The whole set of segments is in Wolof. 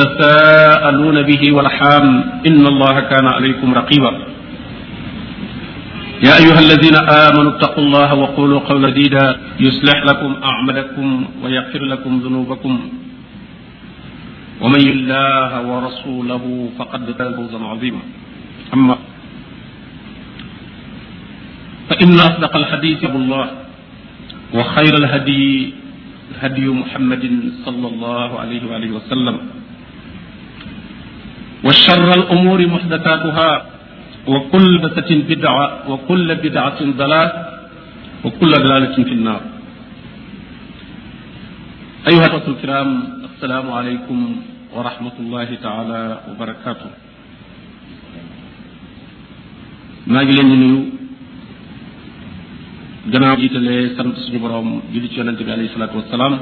tasaaluuna bihi wal arham inna allaha kaana alaykum raqiba yaa ayyuha alladina amanu ittaqu allaha wa qulu qawla diida yuslix lakum acmalakum wa yaxfir lakum dunubakum wa man yutillaha wa rasulahu faqad faaza fawzan azima amma fa inna asdaqa alxadisi abullah wa xayra alhadyi hadiyu muhammadin sallallahu alayhi wa alihi wa sallam wa charra al umuri muxdataatuha wa kulla muxdasatin bidaa wa kulla bidaatin dalaal wa kulla dalaalatin fi nnaar ayuha al kiram assalaamu aleykum wa rahmatullahi taala wa barakaatu maa ngi leen di nuyu gannaaw jiitalee sant suñu borom julli ci yonente bi alayhi salaatu wassalaam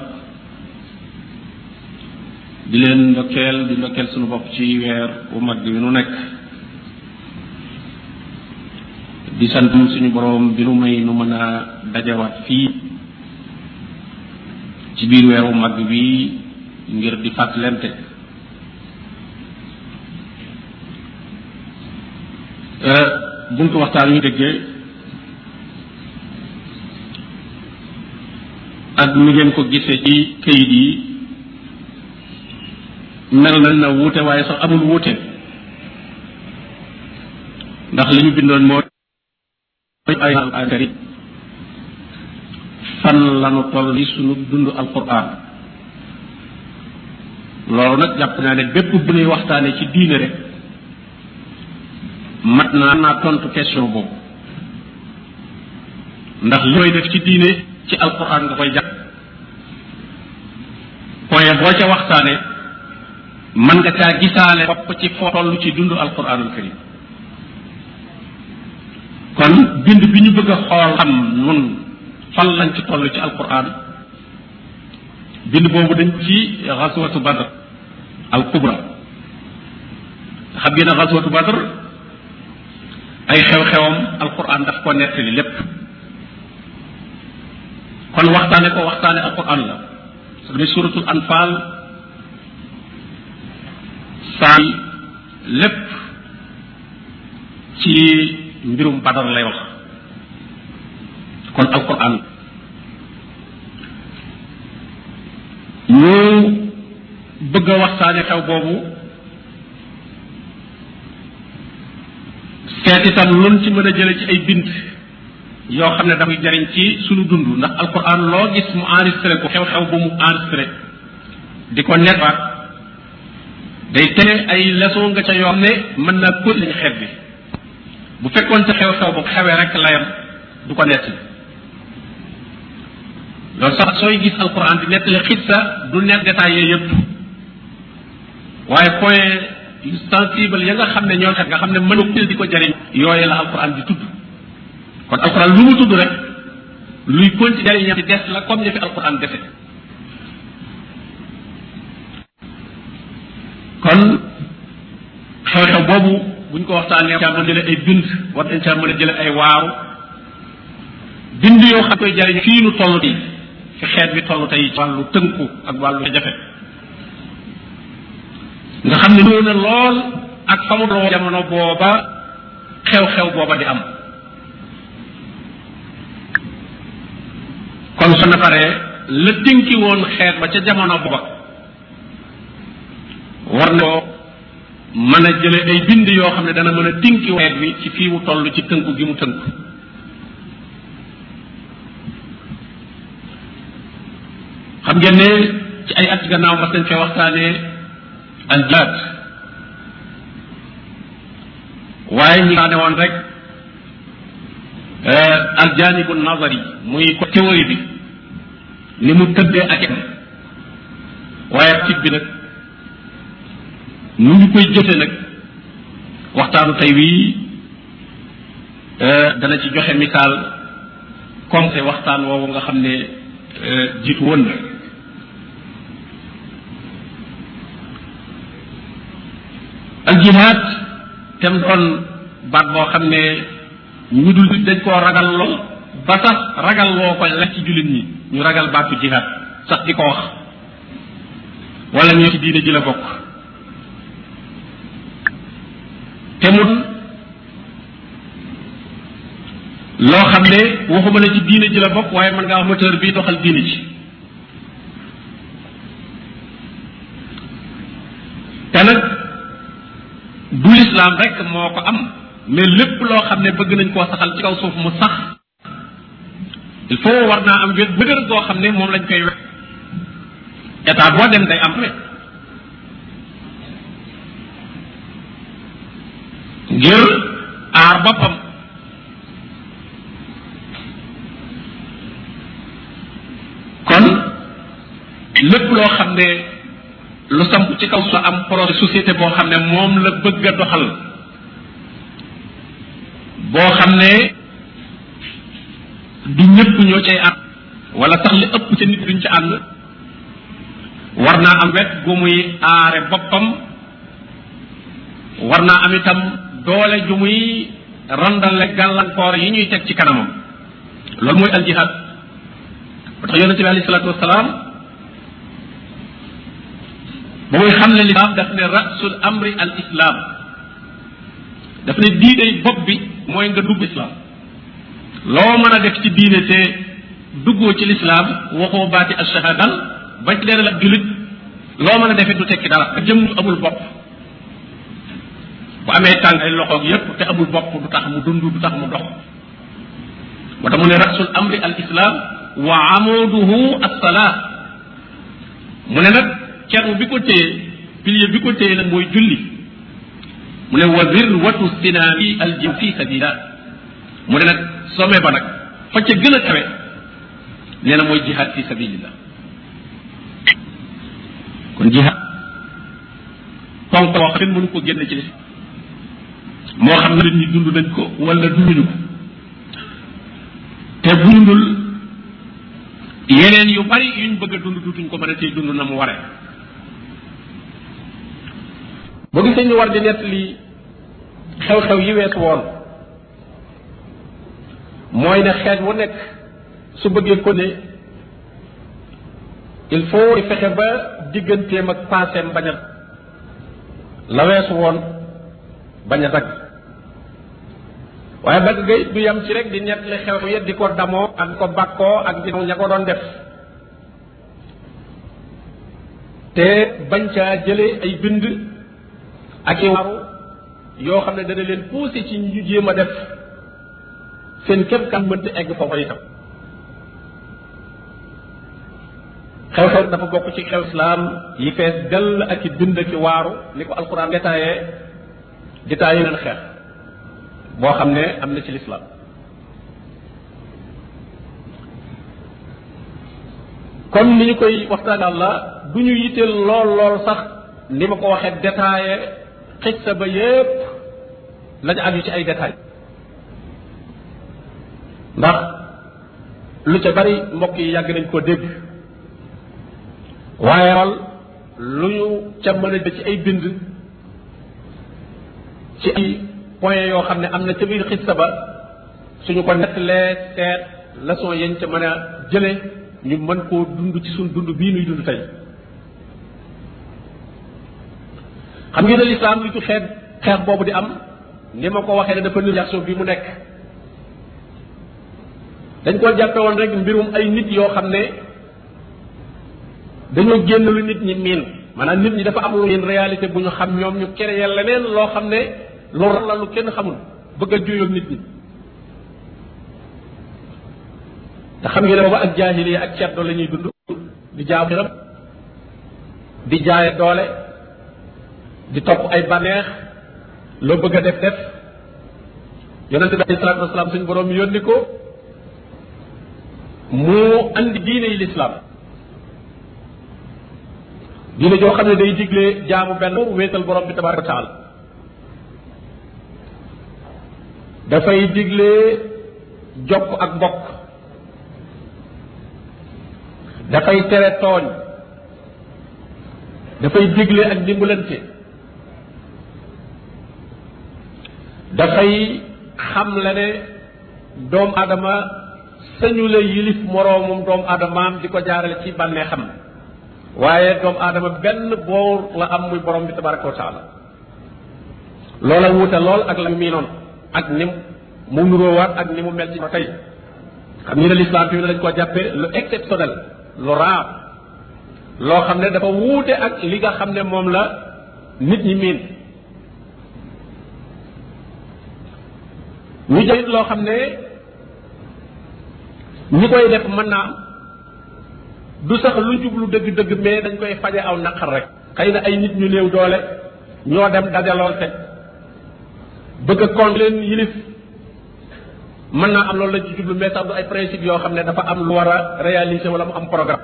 di leen ndokkeel di ndokkeel suñu bopp ci weer bu mag bi nu nekk di sant suñu boroom bi nu may nu mën a dajawaat fii ci biir weer bu mag bi ngir di fàttalante euh, bunt waxtaan yu déggee ak ni ngeen ko gisee ci këyit yi mel nañ na wuute waaye sax amul wuute ndax li ñu bindoon moo ay affaire fan lanu toll li suñu dund alquran loolu nag jàpp naa ne bépp bu ñuy waxtaanee ci diine rek mat naa naa tontu question boobu ndax li koy def ci diine ci alquran nga koy jàpp point boo ca waxtaane mën nga caa gisaale bopp ci foo toll ci dundu alquranul karim kon bind bi ñu bëgg a xool xam nun fan lañ ci toll ci alquran bind boobu dañ ci xaswatu badr al kubra xam ngeen ne xaswatu badr ay xew-xewam alquran daf ko nettali lépp kon waxtaane ko waxtaane alquran la su dee suratul anfal saan lépp ci mbirum badar lay wax kon alquran ñu bëgg a waxtaane xew boobu seet itam lun ci mën a jële ci ay bind yoo xam ne dafay jariñ ci sunu dund ndax alquran loo gis mu enregistré ko xew-xew bu mu enregistré di ko netwaat day tere ay leçon nga ca yoo ne mën naa ko lañ xeet bi bu fekkoon ci xew-xew bu xewee rek layam du ko nettali loolu sax sooy gis alquran di nettali sa du nekk détaillé yëpp waaye point yu sensible ya nga xam ne ñoo xet nga xam ne mën ko di ko jariñ yooyu la alquran di tudd kon alquran lu mu tudd rek luy continuer jëriñam ci des la comme ni fi alquran defe kon xew-xew boobu buñ ko waxtaanee caa mën jële ay bind war nañ caa mën a jële ay waaw bind yoo xam koy jariñ fii nu toll tey fi xeet bi toll tey ci wàllu tënku ak wàllu jafe nga xam ne ñëw lool ak fa mu jamono booba xew-xew booba di am kon su na paree la tënki woon xeet ba ca jamono booba war noo mën a jële ay bind yoo xam ne dana mën a tinki weer wi ci mu toll ci tënku gi mu tënku xam ngeen ne ci ay at gannaaw mas nañ fee waxtaanee al jihaad waaye ñi nga ne woon rek eh, al jaanibu nazari muy ko théorie bi ni mu tëddee ak waaye tib bi nag nu ñu koy jëfe nag waxtaanu tey wii euh, dana ci joxe misaal comme waxtaan woowu nga xam ne euh, jiitu woon na al jihaad tem doon baat boo xam ne ñu dul di dañ koo ragal lool ba sax ragal woo ko la ci jullit ñi ñu ragal baatu jihaad sax di ko wax wala ñu ci diine ji la bokk te mu loo xam ne waxuma ne ci diine ji la bokk waaye mën ngaa wax moteur bii doxal diine ji te nag du lislaam rek moo ko am mais lépp loo xam ne bëgg nañ koo saxal ci kaw suuf mu sax il war naa am wet dëgër goo xam ne moom lañ koy wet état boo dem day am wet ngir aar boppam kon lépp loo xam ne lu samp ci kaw su am projet société boo xam ne moom la bëgg a doxal boo xam ne du ñëpp ñoo cay ànd wala sax li ëpp ca nit duñ ca ànd war naa am wet gu muy aare boppam war naa am itam doole ju muy randale gàllankoor yi ñuy teg ci kanamam loolu mooy al jihad ba na yonente bi alayhi salaatu xam ne lislaam daf ne rasul amri al islam daf ne diine bopp bi mooy nga dugg islam loo mën a def ci diine te duggoo ci lislaam waxoo baati al shahadan bañ leen la julit loo mën a defee du tekki dara ak jëm amul bopp bu amee tànk ay loxoog yépp te amul bopp du tax mu dund du tax mu dox moo tax mu ne rasul amri mu ne nag bi ko téye bi ko téye nag mooy mu ne wa zirwatu sinaami al jim fi mu ne nag sommet ba nag fa ca gën a na mooy jihaad fi sabilillah kon jihaad ko génn moo xam ne nit ñi dund nañ ko wala dunduñu ko te dundul yeneen yu bari yuñ bëgg a dund dutuñ ko mën a tey dund na mu waree. boo gisee ñu war di nettali xew-xew yi weesu woon mooy ne xeet wu nekk su bëggee kone il faut di fexe ba digganteem ak passé bañ a la weesu woon bañ a waaye bëgg gay du yam ci rek di nettali xew ya di ko damoo ak ko bàkkoo ak di ña ko doon def te bañ caa jëlee ay bind ak i waaru yoo xam ne dana leen poussé ci ñu jéem a def seen képp kan mënta egg foofa itam xew-xew dafa bokk ci xew islaam yi fees dell ak i bind ak i waaru ni ko alquran détaillé détaillé leen xeex boo xam ne am na ci lislaam comme ni ñu koy waxtaanal la du ñu yitteel lool lool sax ni ma ko waxee détaillé xissa ba yépp lañu aju ci ay détail ndax lu ca bari mbokk yi yàgg nañ koo dégg waaye ral lu ñu ca mën a ci ay bind ci ay point yoo xam ne am na ca biir xissa ba suñu ko nettalee seet leçon yañ ca mën a jële ñu mën koo dund ci suñ dund bii nuy dund tey xam ngeen ne lislaam li ci xeex boobu di am ni ma ko waxee ne dafa nation bi mu nekk dañ koo jàppe woon rek mbirum ay nit yoo xam ne dañoo génn lu nit ñi miin maanaam nit ñi dafa amul lu leen réalité bu ñu xam ñoom ñu créé leneen loo xam ne loolu la lu kenn xamul bëgg a juyoog nit ñi te xam ngeen ne booba ak jaahiliya ak certo lañuy ñuy dund di jaamu yaram di jaaye doole di topp ay bànneex loo bëgg a def def yonente bi alayhi salaatu wasalaam suñu yónni ko mu andi diine yi lislaam diine joo xam ne day digle jaamu benn wéetal borom bi tabaraka wa dafay digle jokk ak bokk dafay tere tooñ dafay digle ak dimbalante dafay xam la ne doomu adama sañu la yilif moroomum doomu adamaam di ko jaarale ci bànnee xam waaye doomu adama benn boor la am muy borom bi tabaraka wa taala loola wuute lool ak la miinoon ak ni mu nuróowaat ak ni mu mel ci tey xam ni ne lislaam fi dañ koo jàppee lu exceptionnel lu raar loo xam ne dafa wuute ak li nga xam ne moom la nit ñi miin ñu jëlit loo xam ne ñu koy def mën naa du sax lu jublu dëgg-dëgg mais dañ koy faje aw naqar rek xëy na ay nit ñu néew doole ñoo dem dajalool teg bëgg kon compte leen yilif mën naa am loolu la ci jublu mais sax du ay principe yoo xam ne dafa am lu war a réaliser wala mu am programme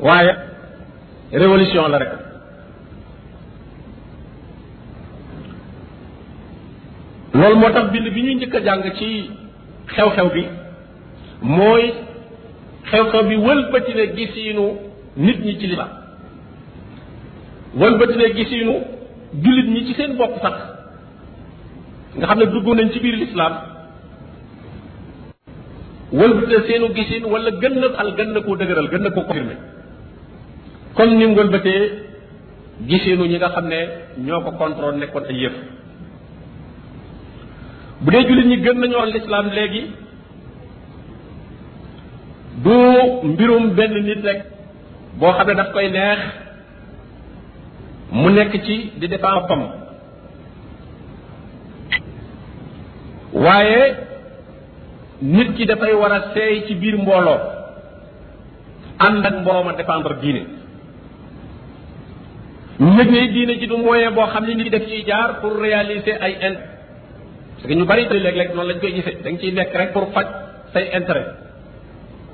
waaye révolution la rek loolu moo tax bind bi ñuy njëkk a jàng ci xew-xew bi mooy xew-xew bi wëlbati ne gisiinu nit ñi ci lislaam wëlbati ne gisiinu jullit ñi ci seen bopp sax nga xam ne dugg nañ ci biir lislaam wëlbate seenu gisin wala gën na al gën na koo dëgëral gën na koo confirmé comme ni mu wëlbatee gisinu ñi nga xam ne ñoo ko contrôle nekkoon ay yëf bu dee jullit ñi gën nañoo lislaam léegi du mbirum benn nit rek boo xam ne daf koy neex mu nekk ci di defaa pam waaye nit ki dafay war a seey ci biir mbooloo ànd ak mbooloo ma défendre diine ñu yëg ne diine ji du moyen boo xam ne nit ki daf ciy jaar pour réaliser ay int parce que ñu bari tey léeg-léeg noonu lañ koy gisee da nga ciy nekk rek pour faj say intérêt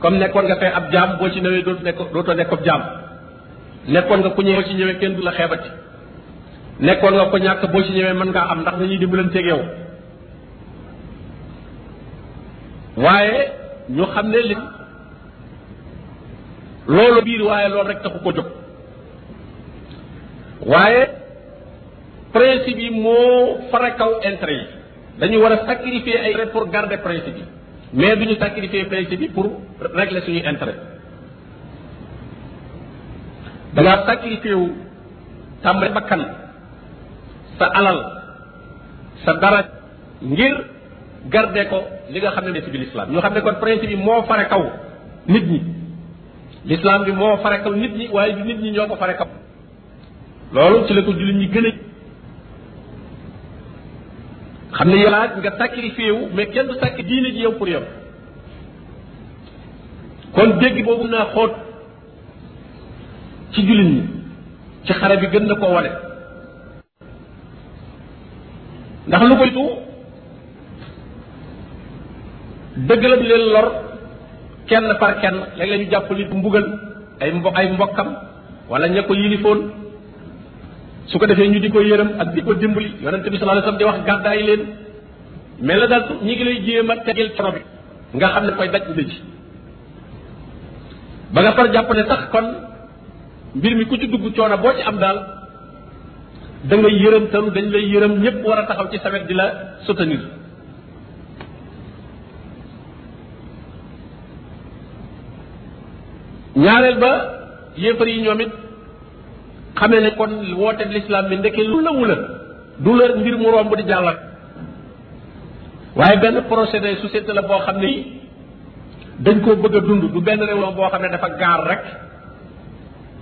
comme nekkoon nga fee ab jaam boo ci newee dootu nekk dootoo nekk ab jaam nekkoon nga ku ñëw boo ci ñëwee kenn du la xeebati nekkoon nga ko ñàkk boo ci ñëwee mën ngaa am ndax dañuy dimbalanteeg yow waaye ñu xam ne li loolu biir waaye loolu rek taxu ko jóg waaye principe yi moo fara kaw intere yi dañu war a sacrifier ay intérêt pour garder principe yi mais duñu sacrifier principe yi pour régler suñuy intérêt dangaa sacrifier wu tàmbali bakkan sa alal sa dara ngir garde ko li nga xam ne ne ci bi ñoo xam ne kon principe bi moo fare kaw nit ñi l'islam bi moo fare kaw nit ñi waaye du nit ñi ñoo ko fare kaw loolu ci la ko jullit ñi gën a xam ne yolaat nga sacrifié wu mais kenn du sàkk diine ji yow pour yow kon dégg boobu naa xóot ci jullit ñi ci xare bi gën na ko wane ndax lu koy tu dëgg la leen lor kenn par kenn léegi la ñu jàpp nit mbugal ay mbo ay mbokkam wala ña ko yilifoon su ko defee ñu di ko yërëm ak di ko dimbali yonente bi sallallahu alayhi wasallam di wax gàddaay leen mais la daal ñi ngi lay jéem a tegil coro bi nga xam ne koy daj dëj ba nga par jàpp ne sax kon mbir mi ku ci dugg coono boo ci am daal da ngay yërëm tam dañ lay yërëm ñëpp war a taxaw ci sawet di la soutenir ñaareel ba yéefar yi ñoom it xamee ne kon woote lislaam bi ndeke lu lawu la du la mbir mu romb di jàllat waaye benn procédé société la boo xam ne dañ koo bëgg a dund du benn réew boo xam ne dafa gaar rek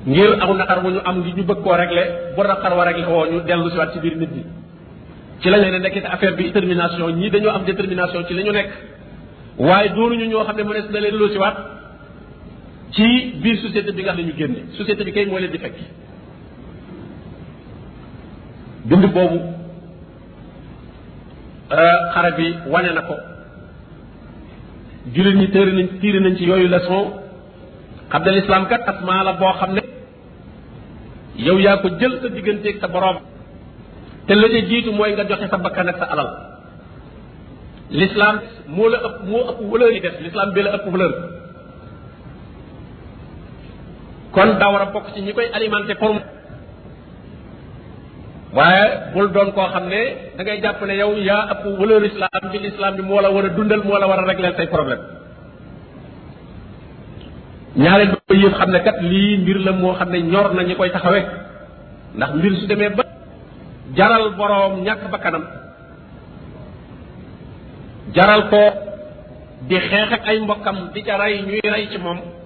ngir aw naqar wu ñu am ngi ñu bëgg koo réglé bu naqar wa réglé woo ñu dellu siwaat ci biir nit ñi ci lañ leen nekkee affaire bi détermination ñii dañoo am détermination ci li ñu nekk waaye ñu ñoo xam ne mënees na leen dellu ci biir société bi nga xam ñu génne société bi kay moo leen di fekk bind boobu euh, xare bi wane na ko jullit ñi téere nañ tiire nañ ci yooyu leçon xam ne lislaam kat asmaa la boo xam ne yow yaa ko jël sa digganteeg sa boroom te la jiitu mooy nga joxe sa bakkan ak sa alal lislaam moo la ëpp moo ëpp valeur yi def lislaam bi la ëpp valeur kon daa war a bokk ci ñi koy alimenté comme waaye bul doon koo xam ne da jàpp ne yow yaa ëpp valeur islam bi l'islam bi moo la war a dundal moo la war a régler say problème ñaareel ba yëf xam ne kat lii mbir la moo xam ne ñor na ñi koy taxawee ndax mbir su demee ba jaral boroom ñàkk bakkanam jaral ko di xeex ak ay mbokkam di ca rey ñuy rey ci moom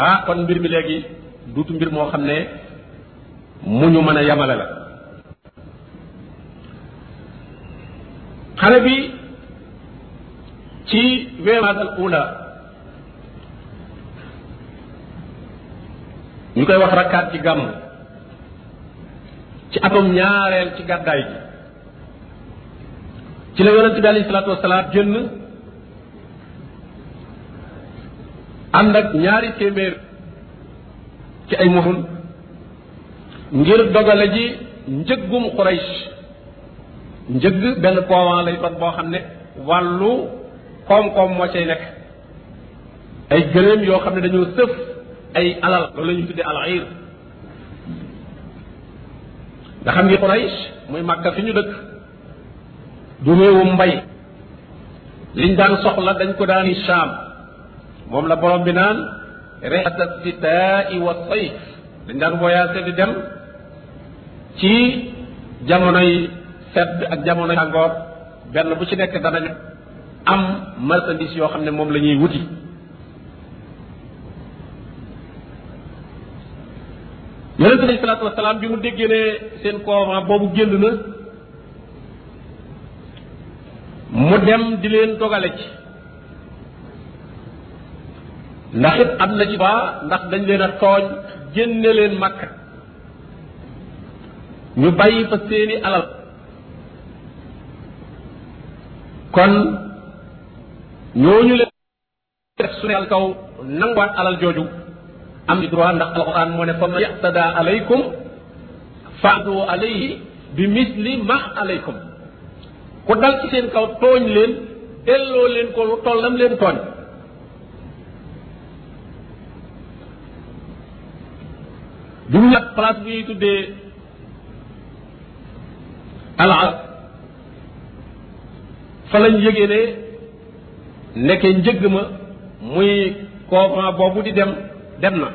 ah kon mbir mi léegi duutu mbir moo xam ne mu ñu mën a yamale la xale bi ci weemaadal ula ñu koy wax rakkaat ci gàmm ci atom ñaareel ci gàddaay gi ci la yonente bi alayhi salaatu wasalaam génn ànd ak ñaari téeméer ci ay muhun ngir dogale ji njëggum Quraysh njëgg benn poowan lay doon boo xam ne wàllu koom-koom moo cay nekk ay gëléem yoo xam ne dañoo sëf ay alal loolu la ñu tuddee alaxiir nga xam ni Quraysh muy Makka fi ñu dëkk du réewum mbay liñ daan soxla dañ ko daani Saam moom la borom bi naan rihlat sitaai wa sayf dañ daan voyagé di dem ci jamonoy sedd ak jamonoy tàngoor benn bu ci nekk danañ am marchandise yoo xam ne moom lañuy wuti yonente bi salaatu wasalaam bi mu déggee ne seen couvent boobu génn na mu dem di leen dogale ci ndax it am na ci ndax dañ leen a tooñ génne leen makka ñu bàyyi fa seeni alal kon ñooñu leen su ne kaw nanguwaat alal jooju am ci droit ndax alquran moo ne fa man yaqtada alaykum faadu alayhi bi misli ma alaykum ku dal ci seen kaw tooñ leen delloo leen ko lu tollam leen tooñ du ñu nag place bu ñuy tuddee alarab fa lañ yëgee ne nekke njëgg ma muy couvent boobu di dem dem na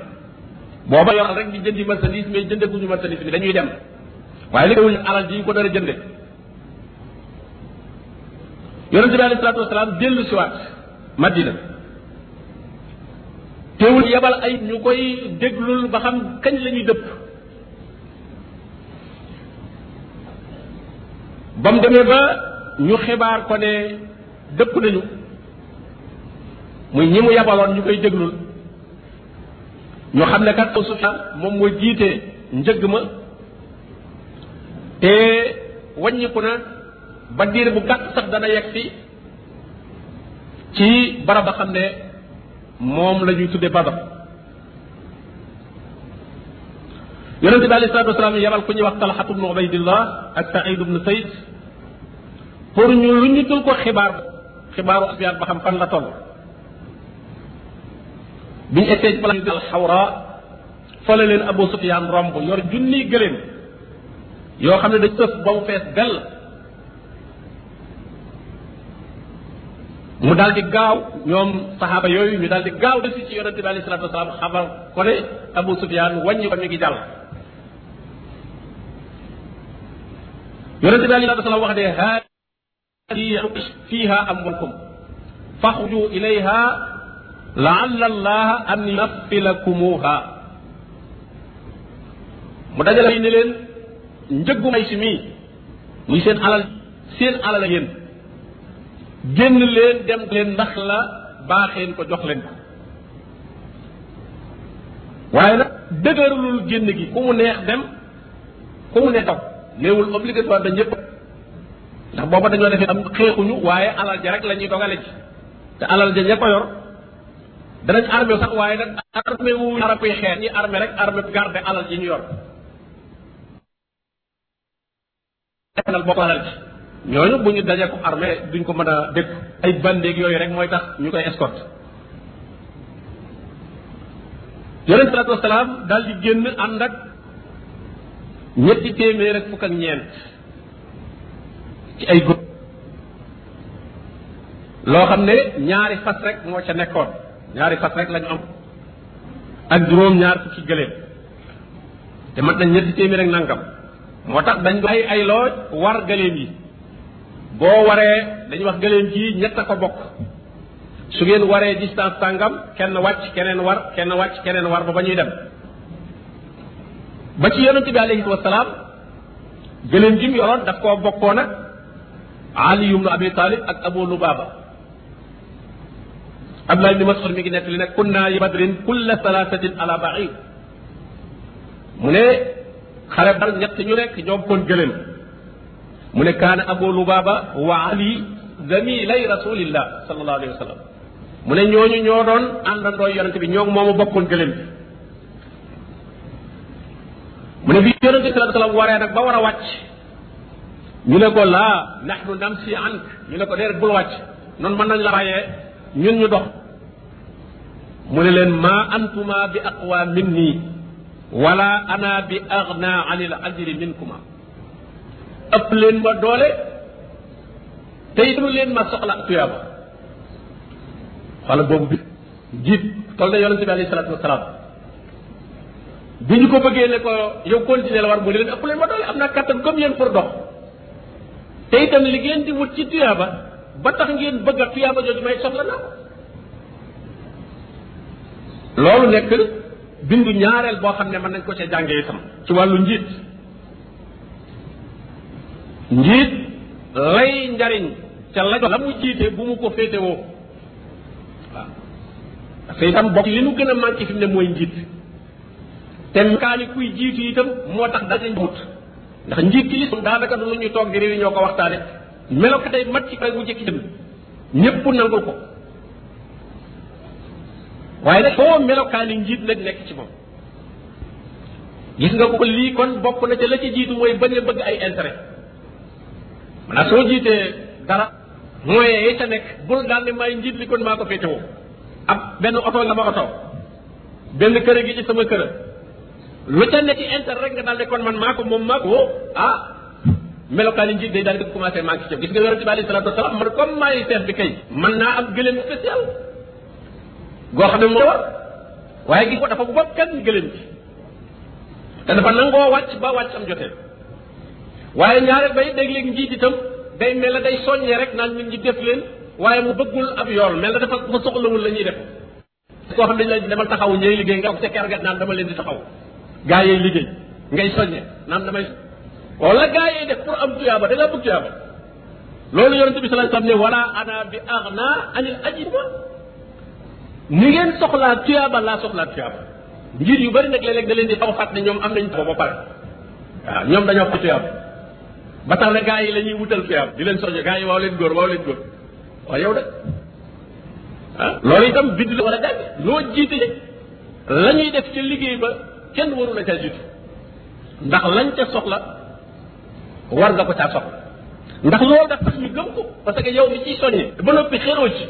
booba yoral rek di jëndi marchandise mais jëndeguñu marchandise bi dañuy dem waaye li wuñu alal ji ñu ko dara jënde yonente bi alei salatu wasalaam dellu siwaat madina teewul yebal ay ñu koy déglul ba xam kañ la ñuy dëpp ba mu demee ba ñu xibaar ko ne dëpp nañu muy ñi mu yebaloon ñu koy déglul ñu xam ne kat Sufyaan moom mooy jiite njëg ma te wàññiku na ba diir bu gàtt sax dana yegg si ci barab ba xam ne moom la ñuy tudde badar yonente bi alei salatu wasalaam yi yebal ku ñuy wax talxatu bnu ubaydillah ak saïd bnu sayd pour ñu lu ñu dul ko xibaar xibaaru asbiyaat ba xam fan la toll bi ñu egsee ci place al xawra fa la leen abu sufyaan romb yor junniy gëléem yoo xam ne dañ tëf ba mu fees dell mu daal di gaaw ñoom saxaaba yooyu ñu daal di gaaw desi ci yonente bi alayhi salatu wasalaam xamal ko ne Abu Sufyaan wàññi ko mi ngi jàll yonente bi alayhi salatu wasalaam wax ne haadihi fiiha amwalkum faxruju ilayha laalla allaha an yafilakumuha mu dajale yi ne leen njëggu may si mii muy seen alal seen alal yéen génn leen dem leen ndax la baaxeen ko jox leen ko waaye nag dëgëralul génn gi ku mu neex dem ku mu neex daw néewul obligatoire da yëpp ndax booba dañoo defee am xeexuñu waaye alal ja rek la ñuy dogale ci te alal ja ña ko yor danañ armé sax waaye nag armé wu arab yi xeex ñi armé rek armé garde alal yi ñu yor alal bokk alal ji ñooñu bu ñu dajee ko armée duñ ko mën a dégg ay bandeeg yooyu rek mooy tax ñu koy escorte yonent salaatu wasalaam daal di génn ànd ak ñetti téeméer ak fukk ak ñeent ci ay góor loo xam ne ñaari fas rek moo ca nekkoon ñaari fas rek lañu am ak juróom ñaar fukki gëléem te mat nañ ñetti téeméer ak nangam moo tax dañ ay ay loo war gëléem yi boo waree dañuy wax gëléem ji ñett ko bokk su ngeen waree distance tàngam kenn wàcc keneen war kenn wàcc keneen war ba ba ñuy dem ba ci yonente bi alayhi wasalaam gëléem ji mu yoroon daf koo bokkoo nag Ali ibn Abi Talib ak Abu Lubaba Abdullah ibn Mas'ud nekk li ne kunna li badrin kulla salasatin ala ba'ir mu ne xare bar ñett ñu nekk ñoom kon gëléem mu ne kaana abu lubaaba wa ali zamilay rasulillah sallallahu alayhi wa sallam mu ne ñooñu ñoo doon àndandoo bi ñoo moomu bokkoon gëlëm bi ne bi yonente bi sallallahu alayhi waree nag ba war a wàcc ñu ne ko laa nahnu namsi ank ñu ne ko déedéet bul wàcc noonu mën nañ la rayee ñun ñu dox mu ne leen ma antuma bi aqwa minni wala ana bi agna anil ajri minkuma ëpp leen ma doole tey itam leen ma soxla tuyaaba wala boobu bi jiit toll na yonente bi alayhi salaatu wasalaam bi ñu ko bëggee ne ko yow continuer la war mu ne leen ëpp leen ma doole am naa kàttan comme yéen pour dox te itam li ngeen di wut ci tuyaaba ba tax ngeen bëgg a tuyaaba jooju may soxla naa loolu nekk bindu ñaareel boo xam ne mën nañ ko ca jànge itam ci wàllu njiit njiit lay njariñ ca la la mu jiite bu mu ko féetewoo waaw parce itam bokk li mu gën a manqué fi mu ne mooy njiit te kaani kuy jiitu itam moo tax dañ mut njiit ki lislaam daanaka du lu ñuy toog di réunion ko waxtaane melo ko day mat ci rek mu jëkki jëm ñépp nangul ko waaye nag foo melokaani njiit nag nekk ci moom gis nga ko lii kon bokk na ci la ca jiitu mooy bañ a bëgg ay intérêt maanaam soo jiitee dara moyen yi ca nekk bul daal ne maay njiit li kon maa ko féetewoo ab benn oto la ma oto benn kër gi ci sama kër lu ca nekk nga daal ne man maa ko moom maa ko ah melokaani njiit day daal di commencé maa ngi ci gis nga yonente bi alayhi salaatu wasalaam man comme maay chef bi kay mën naa am gëléem spécial goo xam ne moo war waaye gis ko dafa bopp kenn gëléem bi te dafa nangoo wàcc ba wàcc am jotee waaye ñaare bay dégleeg njiit tam day mel ne day soññee rek naan nit ñi def leen waaye mu bëggul ab yool mel na dafa dafa soxlawul la ñuy def koo xam dañ la demal taxaw ñooy liggéey nga ca kergat naan dama leen di taxaw gaa yee liggéey ngay soññe naan damay wala gaa yee def pour am tuyaaba da ngaa bëgg tuyaaba loolu yonente bi sallallahu alayhi wasallam ne wala ana bi aghna anil ajiba ni ngeen soxlaa tuyaaba laa soxlaa tuyaaba njiit yu bari nag léeg-léeg da leen di xaw a ne ñoom am nañ ko ba pare ñoom dañoo ko ba tax na gaa yi la ñuy wutal fi am di leen soñño gaa yi waaw leen góor waaw leen góor waaw yow de ah loolu itam bidd la war a gàgg loo jiite la ñuy def ca liggéey ba kenn waru la caa jiitu ndax lañ ca soxla war nga ko caa soxla ndax loolu dafa tax gëm ko parce que yow mi ciy soññe ba noppi xeroo ci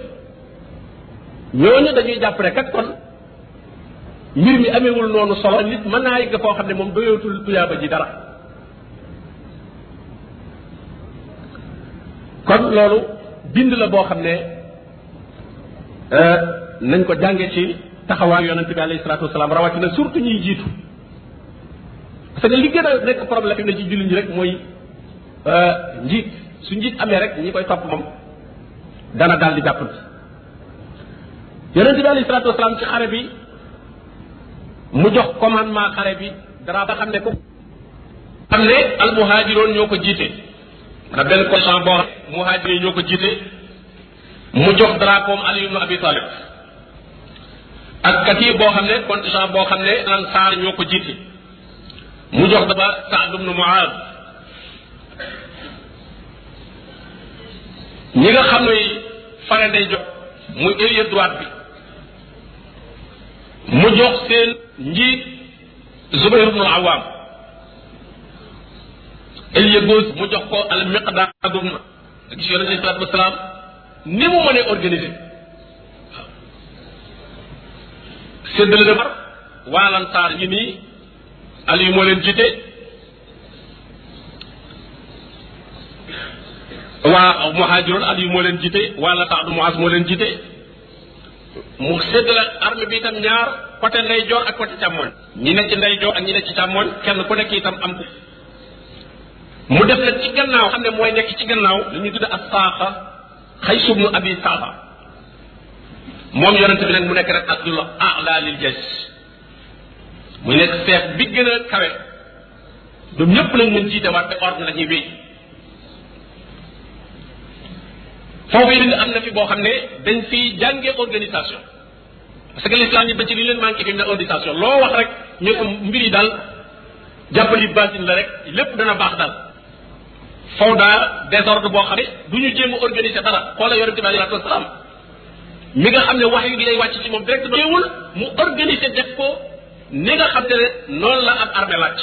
ñooñu dañuy jàpp rek kat kon mbir mi amewul noonu solo nit mën naa yëgg koo xam ne moom doyootul tuyaaba ji dara kon loolu bind la boo xam ne euh, nañ ko jànge ci taxawaayu yonente bi alayhi salaatu wasalaam rawatina surtout ñuy jiitu parce que li gën a nekk problème na ci jullit ñi rek mooy euh, njiit su njiit amee rek ñi koy topp moom dana daal di jàppandi yonente bi alayhi salaatu wasalaam xare bi mu jox commandement xare bi dara ba xam ne ko xam ne almuhaajiroon ñoo ko jiite na benn commission boo xam ne muhaajir ñoo ko jiite mu jox drapeau Ali ibn Abi Talib ak katir boo xam ne contingent boo xam ne ansaar ñoo ko jiite mu jox daba Saad ibn Muaad ñi nga xam ne fare day jox muy ailier droite bi mu jox seen njiit Zubayr ibn Awam ailier gauche mu jox ko al miqdaad na gis yonent ni mu mënee organiser waaw séddale na bar waa Ansaar yi nii Aliou moo leen jiite waa muhaajiroon Aliou moo leen jiite waa moo leen jiite mu séddale armée bi itam ñaar côté ndeyjoor ak côté càmmoñ ñi nekk ci ndeyjoor ak ñi nekk ci càmmoñ kenn ku nekk itam am ko mu def nag ci gannaaw xam ne mooy nekk ci gannaaw li ñuy tudd ak saaxa xay sub nu abi saaxa moom yonent bi nag mu nekk rek abdul ala lil jaysh mu nekk seef bi gën a kawe ñëpp nag mun jiite waat te ordre la ñuy wéy foofu am na fi boo xam ne dañ fi jàngee organisation parce que l'islam yi ba ci li leen manqué fi mu ne organisation loo wax rek ñu mbir yi daal jàppali basin la rek lépp dana baax daal fawda désordre boo xam ne du ñu jéem a organiser dara xoola yonente bi alayhi salaam mi nga xam ne wax yu gi lay wàcc ci moom direct teewul mu organiser def ko ni nga xam ne noonu la ab armée laaj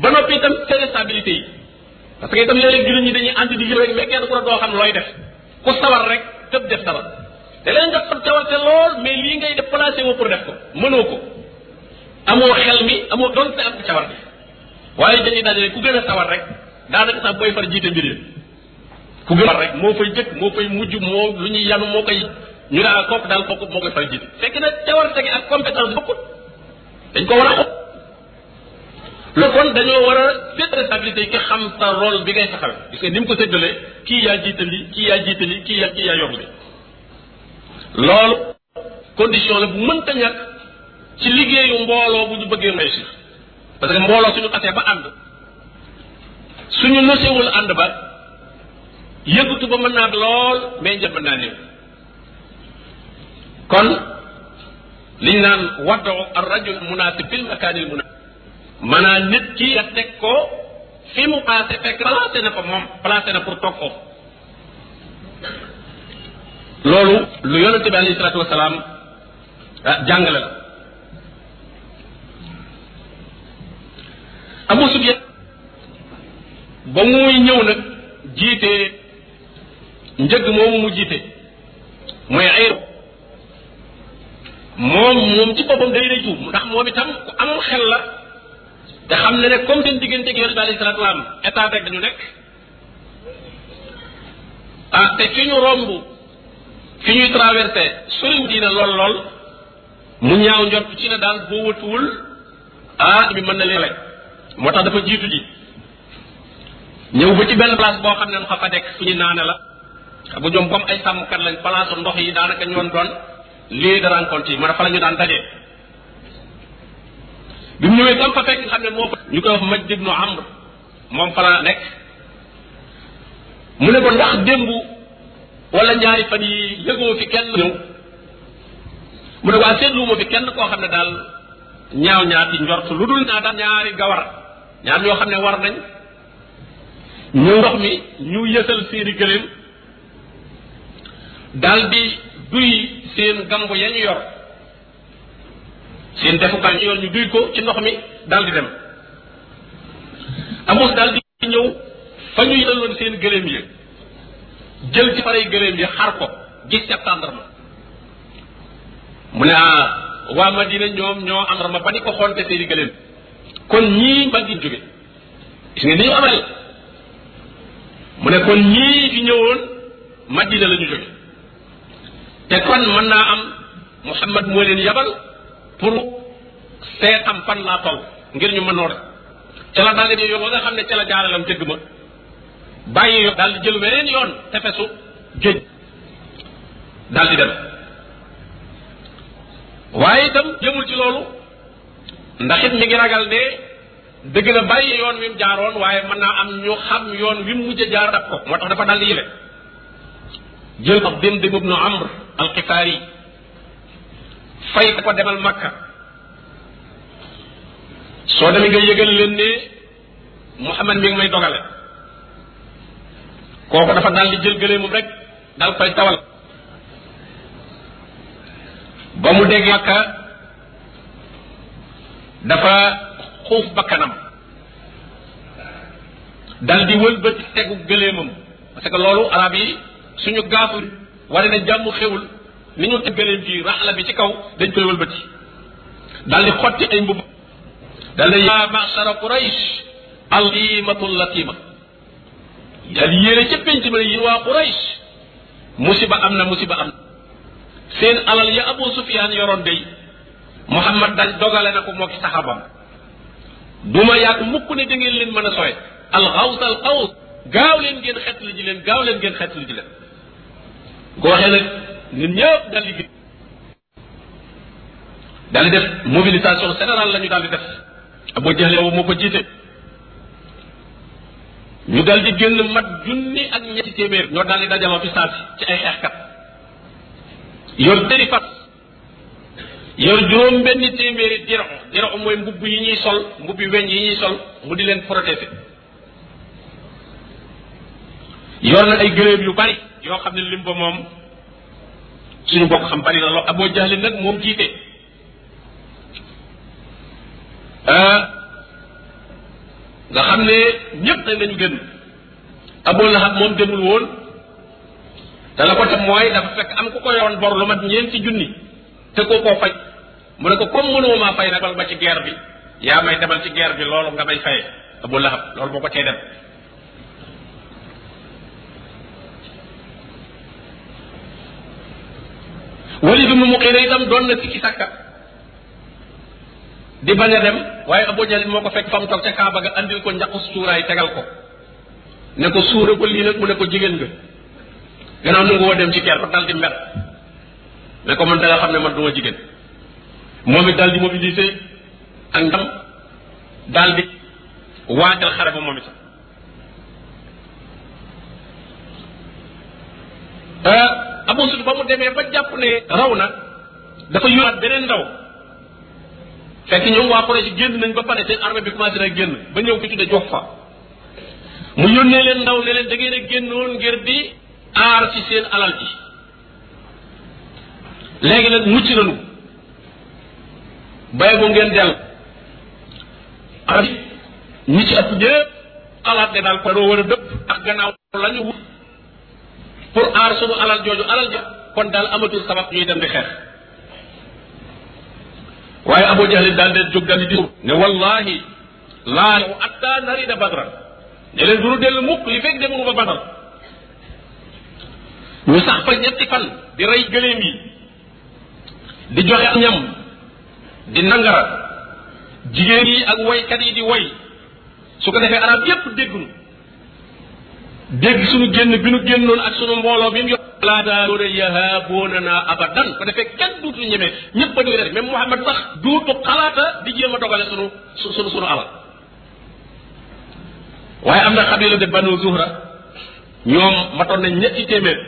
ba noppi itam stabilité yi parce que itam léeg-léeg jullit ñi dañuy ànd di rek mais kenn ku ne doo xam looy def ku sawar rek tëb def dara te leen nga sawarte lool mais lii ngay def placé woo pour def ko mënoo ko amoo xel mi amoo doon te am sawar bi waaye dañuy dajale ku gën a sawar rek daanaka sax booy far jiite mbir yi ku gën far rek moo fay jëkk moo fay mujj moo lu ñuy yanu moo koy ñu ne ah kooku daal kooku moo koy far jiite fekk na théorie gi ak compétence bokkut dañ ko war a xob loolu dañoo war a seet responsabilité ki xam sa bi ngay taxaw gis nga ni mu ko séddalee kii yaa jiite li kii yaa jiite li kii yaa kii yaa yor li loolu condition la bu mënta ñàkk ci liggéeyu mbooloo bu ñu bëggee réussir parce que mbooloo suñu xasee ba ànd suñu nosewul ànd ba yëgutu ba mën naa lool mais njël mën naa néew kon liñ naan waddu ar rajul munasib fil makaanil munasib moom placé na pour toog foofu loolu lu yonente bi alayhi salaatu wasalaam ah, jàngale la Abu Sufyaan ba muy ñëw nag jiite njëg moomu mu jiite mooy ayr moom moom ci boppam day day tuub ndax moom itam ku am xel la te xam ne nag comme seen diggante ak yonent bi alayhi salaatu salaam état rek dañu nekk ah te fi ñu romb fi ñuy traversé soriw diina lool lool mu ñaaw njort ci ne daal boo wëtuwul ah bi mën na leen rek moo tax dafa jiitu ji ñëw ba ci benn place boo xam ne dafa fa nekk fu ñu naane la xam nga ñoom comme ay sàmmkat lañ place ndox yi daanaka ñoon doon lieu de rencontre yi man fa la ñu daan dajee bi mu ñëwee tam fa fekk xam ne moo fa ñu koy wax Majd ibnu Amr moom fa la nekk mu ne ko ndax démb wala ñaari fan yi yëgoo fi kenn ñëw mu ne waa ah, seetluwuma fi kenn koo xam ne daal ñaaw ñaati njort lu dul naa ñaari gawar ñaar ñoo xam ne war nañ ñu ndox mi ñu yësal seeni gëléem daldi duy seen gambu ya yor seen defukaay ñu yor ñu duy ko ci ndox mi daldi dem amos daldi ñëw fa ñu yësaloon seen gëléem yi jël ci parey gëléem yi xar ko gis ca tàndarma mu ne ah, waa Madina ñoom ñoo am rama ba ni ko xonte seeni gëléem kon ñii ma jóge gis nga ni ñu amel mu ne kon ñii fi ñëwoon madina la ñu jóge te kon mën naa am Muhammad moo leen yabal pour seet am fan laa taw ngir ñu mën noo rek ca la daal di yoon ba nga xam ne ca la jaaralam ma bàyyi yoon daal di jël yoon tefesu géej daal di dem waaye itam jëmul ci loolu ndaxit mi ngi ragal dee dëgg na bàyyi yoon wi mu jaaroon waaye mën naa am ñu xam yoon wi mu mujj jaar dab ko moo tax dafa dal yile jël ab Dendeb ibnu Amr al-Qifaari fay ko demal Makka soo demee nga yëgal leen ne Muhammad mi ngi dogale kooku dafa dal di jël gëleemam rek dal koy tawal ba mu dégg Makka dafa xuuf bakkanam dal di wëlbati tegu gëleemam parce que loolu arab yi suñu gaafur wane na jàmm xewul ni ñu teg gëleem bi ci kaw dañ koy wëlbati dal di xotti ay mbubb dal di yaa ma'shara quraysh allimatul latima dal di yéene ca penc ma yi waa quraysh musiba am na musiba am na seen alal ya abu sufyaan yoroon day muhammad dañ dogale na ko moo ki saxaabam du ma yàgg mukk ne da ngeen leen mën a sowe alxaws alxaws gaaw leen ngeen xetlu ji leen gaaw leen ngeen xetlu ji leen ko waxee nag ñun ñëpp dal di daal di def mobilisation générale la ñu daal di def Abu Jahl moo ko jiite ñu dal di génn mat junni ak ñetti téeméer ñoo daal di dajaloo fi saa ci ay xeexkat yor tëri fas yor juróom benn téeméeri diro diro mooy mbubb yi ñuy sol mbubbi weñ yi ñuy sol mu di leen protéger yor na yu bari yoo xam ne lim suñu bokk xam bari na moom jiite ah, xam ne ñépp nañ lañu gën aboo lahab moom demul woon te la ko tam mooy dafa fekk am ko yoroon bor lu mat ñeenti junni te koo koo faj mu ne ko comme mënoo maa fay nag ba ci guerre bi yaa may demal ci guerre bi loolu nga may fayee Abu Lahab loolu boo ko cee dem Walid mu Mughira itam doon na sikki sàkka di bañ a dem waaye Abu Jahl moo ko fekk fa mu toog ca Kaaba ga andil ko njaqu suuraay tegal ko ne ko suura ko lii nag mu ne ko jigéen nga gannaaw nu nga dem ci guerre ba dal di mer ne ko man da xam ne man du ma jigéen moom it daal di mobiliser ak ndam daal di waajal xare ba moom itam euh, Abu Sufyaan ba mu demee ba jàpp ne raw na dafa yoraat beneen ndaw fekk ñoom waa Quraysh génn nañ ba pare seen armée bi commencé na génn ba ñëw ki tudde jox fa mu yónnee leen ndaw ne leen da ngeen a génnoon ngir di aar ci seen alal ji léegi nag mucc nañu bay bu ngeen del xarit ñi ci ñëpp xalaat ne daal ko doo war dëpp ak gannaaw la ñu pour aar sunu alal jooju alal ja kon daal amatul sabab ñuy dem di xeex waaye Abu Jahl daal de jóg daal di ne wallahi laa yow atta narida badra ne leen duru dellu mukk li fekk demunu ba badar ñu sax fa ñetti fan di rey gëléem yi di joxe am ñam di nangara jigéen yi ak woykat yi di woy su ko defee arab yépp déggunu dégg suñu génn bi nu génnoon ak suñu mbooloo bi mu yor laata loole yahaboona naa abadan ko defee kenn duutu ñemee ñëpp a ñuy def même Mouhamed sax duutu xalaata di jéem a dogale sunu sunu sunu alal waaye am na xabila de banu zuhra ñoom matoon nañ ñetti téeméer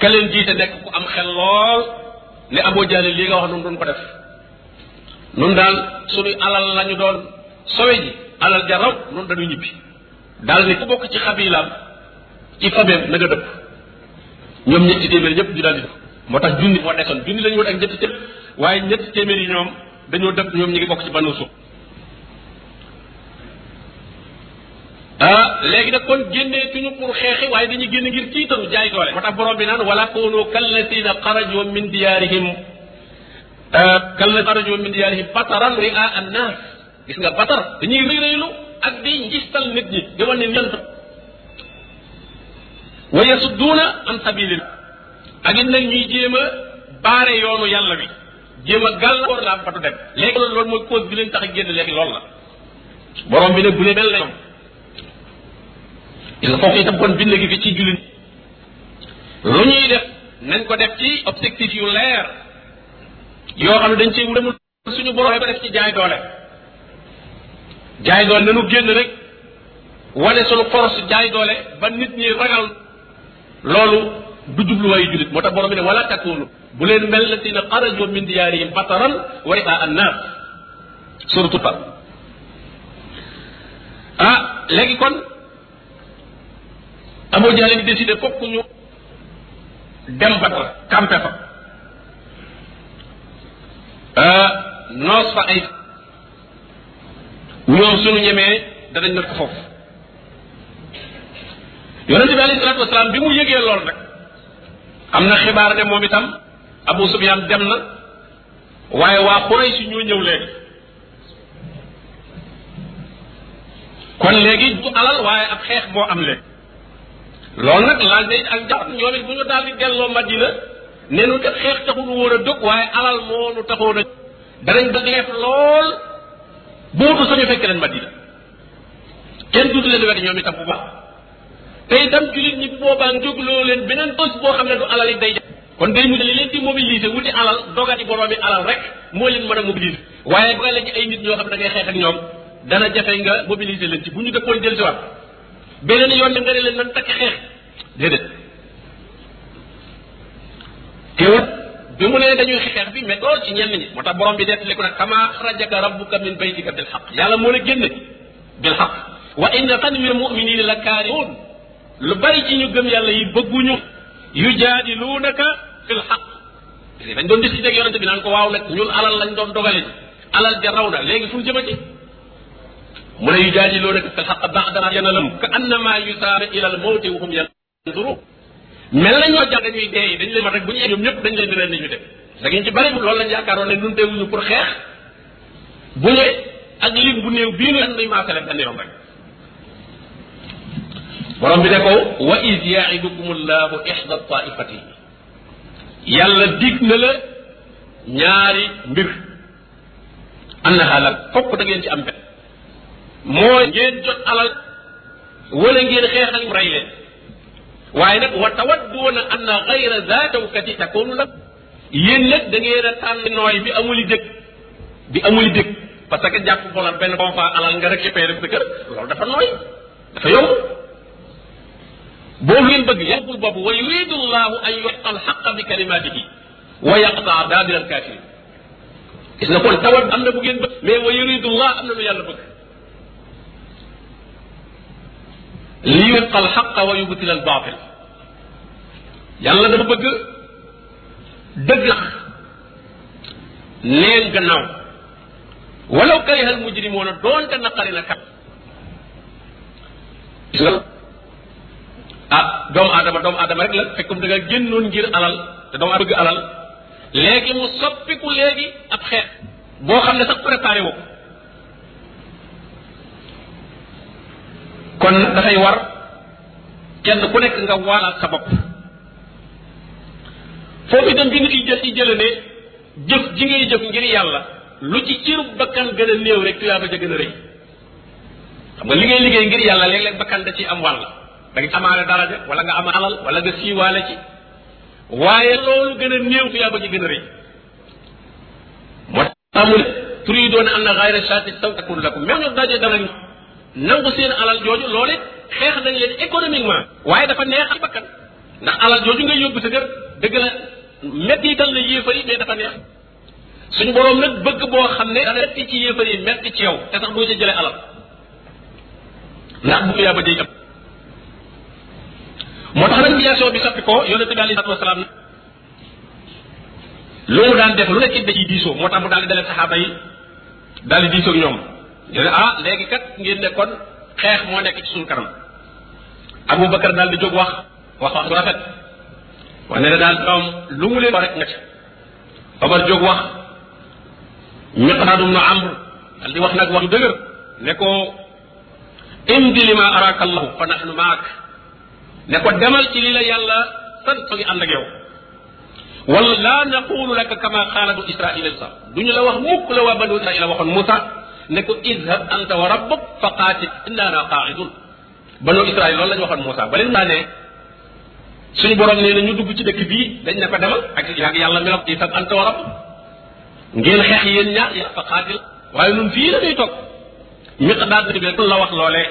ka leen jiite nekk ku am xel lool ne aboo jaali lii nga wax noonu doon ko def nun daal suñuy alal lañu doon sowe ji alal jaraw nun dañu ñibbi daal ni ku bokk ci xabilaam ci fameem na nga dëpp ñoom ñetti téeméer ñëpp ñu daal di def moo tax junni moo desoon junni lañu woon ak ñetti téeméer waaye ñetti téeméer yi ñoom dañoo dëpp ñoom ñu ngi bokk ci banu suuf ah léegi nag kon génneetuñu pour xeexi waaye dañuy génn ngir tiitaru jaay doole moo tax borom bi naan wala koonu kallasina xaraju min diyaarihim Euh, kalla xaraju min diyaarihim bataran ria an naas gis nga batar dañuy rëy rëylu ak di ngistal nit ñi di wane ne yant wa yasudduuna an sabilillah ak it nag ñuy jéem a baare yoonu yàlla bi jéem a gàllankoor la batu dem léegi loolu mooy cause bi leen tax génn léegi loolu la borom bi nag bu leen mel ne il faut itam kon ci jullit lu ñuy def nañ ko def ci objectif yu leer yoo xam ne dañ cee demul suñu borom ba def ci jaay doole jaay doole nanu génn rek wane suñu force jaay doole ba nit ñi ragal loolu du jubluwaayu jullit moo tax borom bi ne wala takunu bu leen mel na si ne xarajoo min diyaarihim bataran wa ri'a annaas surtout par ah léegi kon Abu Jahl décidé fokk ñu dem Badar campé fa Euh, noos fa ay ñoom suñu ñemee danañ nat ko foofu yonente bi alayhi salaatu wasalaam bi mu yëgee lool rek am na xibaar ne moom itam Abu Sufyaan dem na waaye waa Quraysh ñoo ñëw léegi kon léegi du alal waaye ab xeex moo am léegi loolu nag laaj na it ak jaxat ñoom bu ñu daal di delloo Madina ne nu def xeex taxul woon a dëkk waaye alal moo nu taxoon a danañ dëgleef lool boobu sañu fekk leen Madina kenn duutu leen wet ñoom itam bu baax te itam jullit ñi boobaa jógloo leen beneen bés boo xam ne du alal yi day kon day mujj li leen di mobiliser wuti alal dogati boroomi alal rek moo leen mën a mobiliser waaye bu nga leen ci ay nit ñoo xam ne da ngay xeex ñoom dana jafe nga mobiliser leen ci bu ñu dëppoon dellusiwaat beneen yoon ne nga ne leen nan takk xeex déedéet teewut bi mu ne dañuy xeex bi mais lool ci ñenn ñi moo tax borom bi nettali ko nag kama xarajaka rabbuka min baytika bil xaq yàlla moo la génne bil xaq wa inna tanwir muminina la kaarihuun lu bari ci ñu gam yàlla yi bëgguñu yu jaadiluunaka fil xaq dañ doon discuté ak yonente bi naan ko waaw nag ñun alal lañ doon dogale alal ja raw na léegi fu ñu jëmati mu ne yu jaadiluunaka fil xaq ba'da ma yana lam ka annama yusaara ila al mawti wa hum yanzuru mel na ñoo jàll dañuy dee yi dañ leen rek bu ñu ñoom ñëpp dañ leen di leen di ñu def da ngeen ci bëri loolu lañ yaakaaroon ne pour xeex bu ñu ak lim bu néew bii lan lañ maasale benn yoon rek. borom bi ne ko wa iz yaidukumullahu ihda yàlla dig na la ñaari mbir annaha la kopp da ngeen ci am benn mooy ngeen jot alal wala ngeen xeex ak rey leen. waaye nag wa tawadduuna anna gayra za dawkati takunu la yéen nag da ngeen a tànn nooy bi amuli dëkk bi amuli dëkk parce que jàpp bola benn bon fa alal nga rek yëppee rek sa kër loolu dafa nooy dafa yomb boobu ngeen bëgg yàggul boobu wa yuridu llahu an yuhiqa alxaqa bi kalimatihi wa yaqtaa daadira alkafirin gis na kon tawat am na bu ngeen bëgg mais wa yuridu llah am na lu yàlla bëgg li yuqa al xaqa wa yubtila al baatil yàlla dafa bëgg dëgg sax neen gannaaw walaw kariha al mujrimoona doonte naqari na kat gis nga ah doomu aadama doomu aadama rek la fekkum da nga génnoon ngir alal te doomu bëgg alal léegi mu soppiku léegi ab xeet boo xam ne sax préparé woo kon dafay war kenn ku nekk nga waalaat sa foofu itam bi ñu ciy jël ci jëf ji ngay jëf ngir yàlla lu ci cëru bakkan gën a néew rek tuyaaba ja gën a rëy xam nga li ngay liggéey ngir yàlla léeg-léeg bakkan da ci am wàll da nga amaale daraja wala nga am alal wala nga siiwaale ci waaye loolu gën a néew tuyaaba ji gën a rëy moo tax amul tur yi doon am na xayra saati saw takun lakum même ñu nangu seen alal jooju loolu it xeex nañ leen économiquement waaye dafa neex ci bakkan ndax alal jooju ngay yóbbu sa kër dëgg la mettital na yéefar yi dafa neex boroom nag bëgg boo xam ne dana metti ci yow te sax doo ca jëlee alal ndax bu yaa ba day moo tax nag situation bi soppi ko yonente bi alei salatu mu daan def lu nekk da ciy diisoo moo tax mu daal di saxaaba yi daal di diisoo ñoom ñu ne ah léegi kat ngeen ne kon xeex moo nekk ci suñu kanam Abu Bakar daal di jóg wax wax wax bu rafet wane ne daal doom lu mu leen ko rek nga ci Omar jóg wax Miqdaad ibnu Amr daal di wax nag wax dëgër ne ko indi li ma araka allahu fa nahnu maak ne ko demal ci li la yàlla sant soo ngi ànd ak yow wala laa naqulu laka kama qaala banu israila sax du la wax mukk la waa banu israila waxoon Moussa ne ko izhab anta wa rabbuk fa qaatil innaana qaaidun banu israil loolu la ñu waxoon Moussa ba leen naa ne suñu borom nee na ñu dugg ci dëkk bii dañ ne ko demal ak ak yàlla mi la izhab anta wa rabbuk ngeen xeex yéen ñaar fa qaatil waaye ñun fii la ñuy toog miqdaad bi rek la wax loolee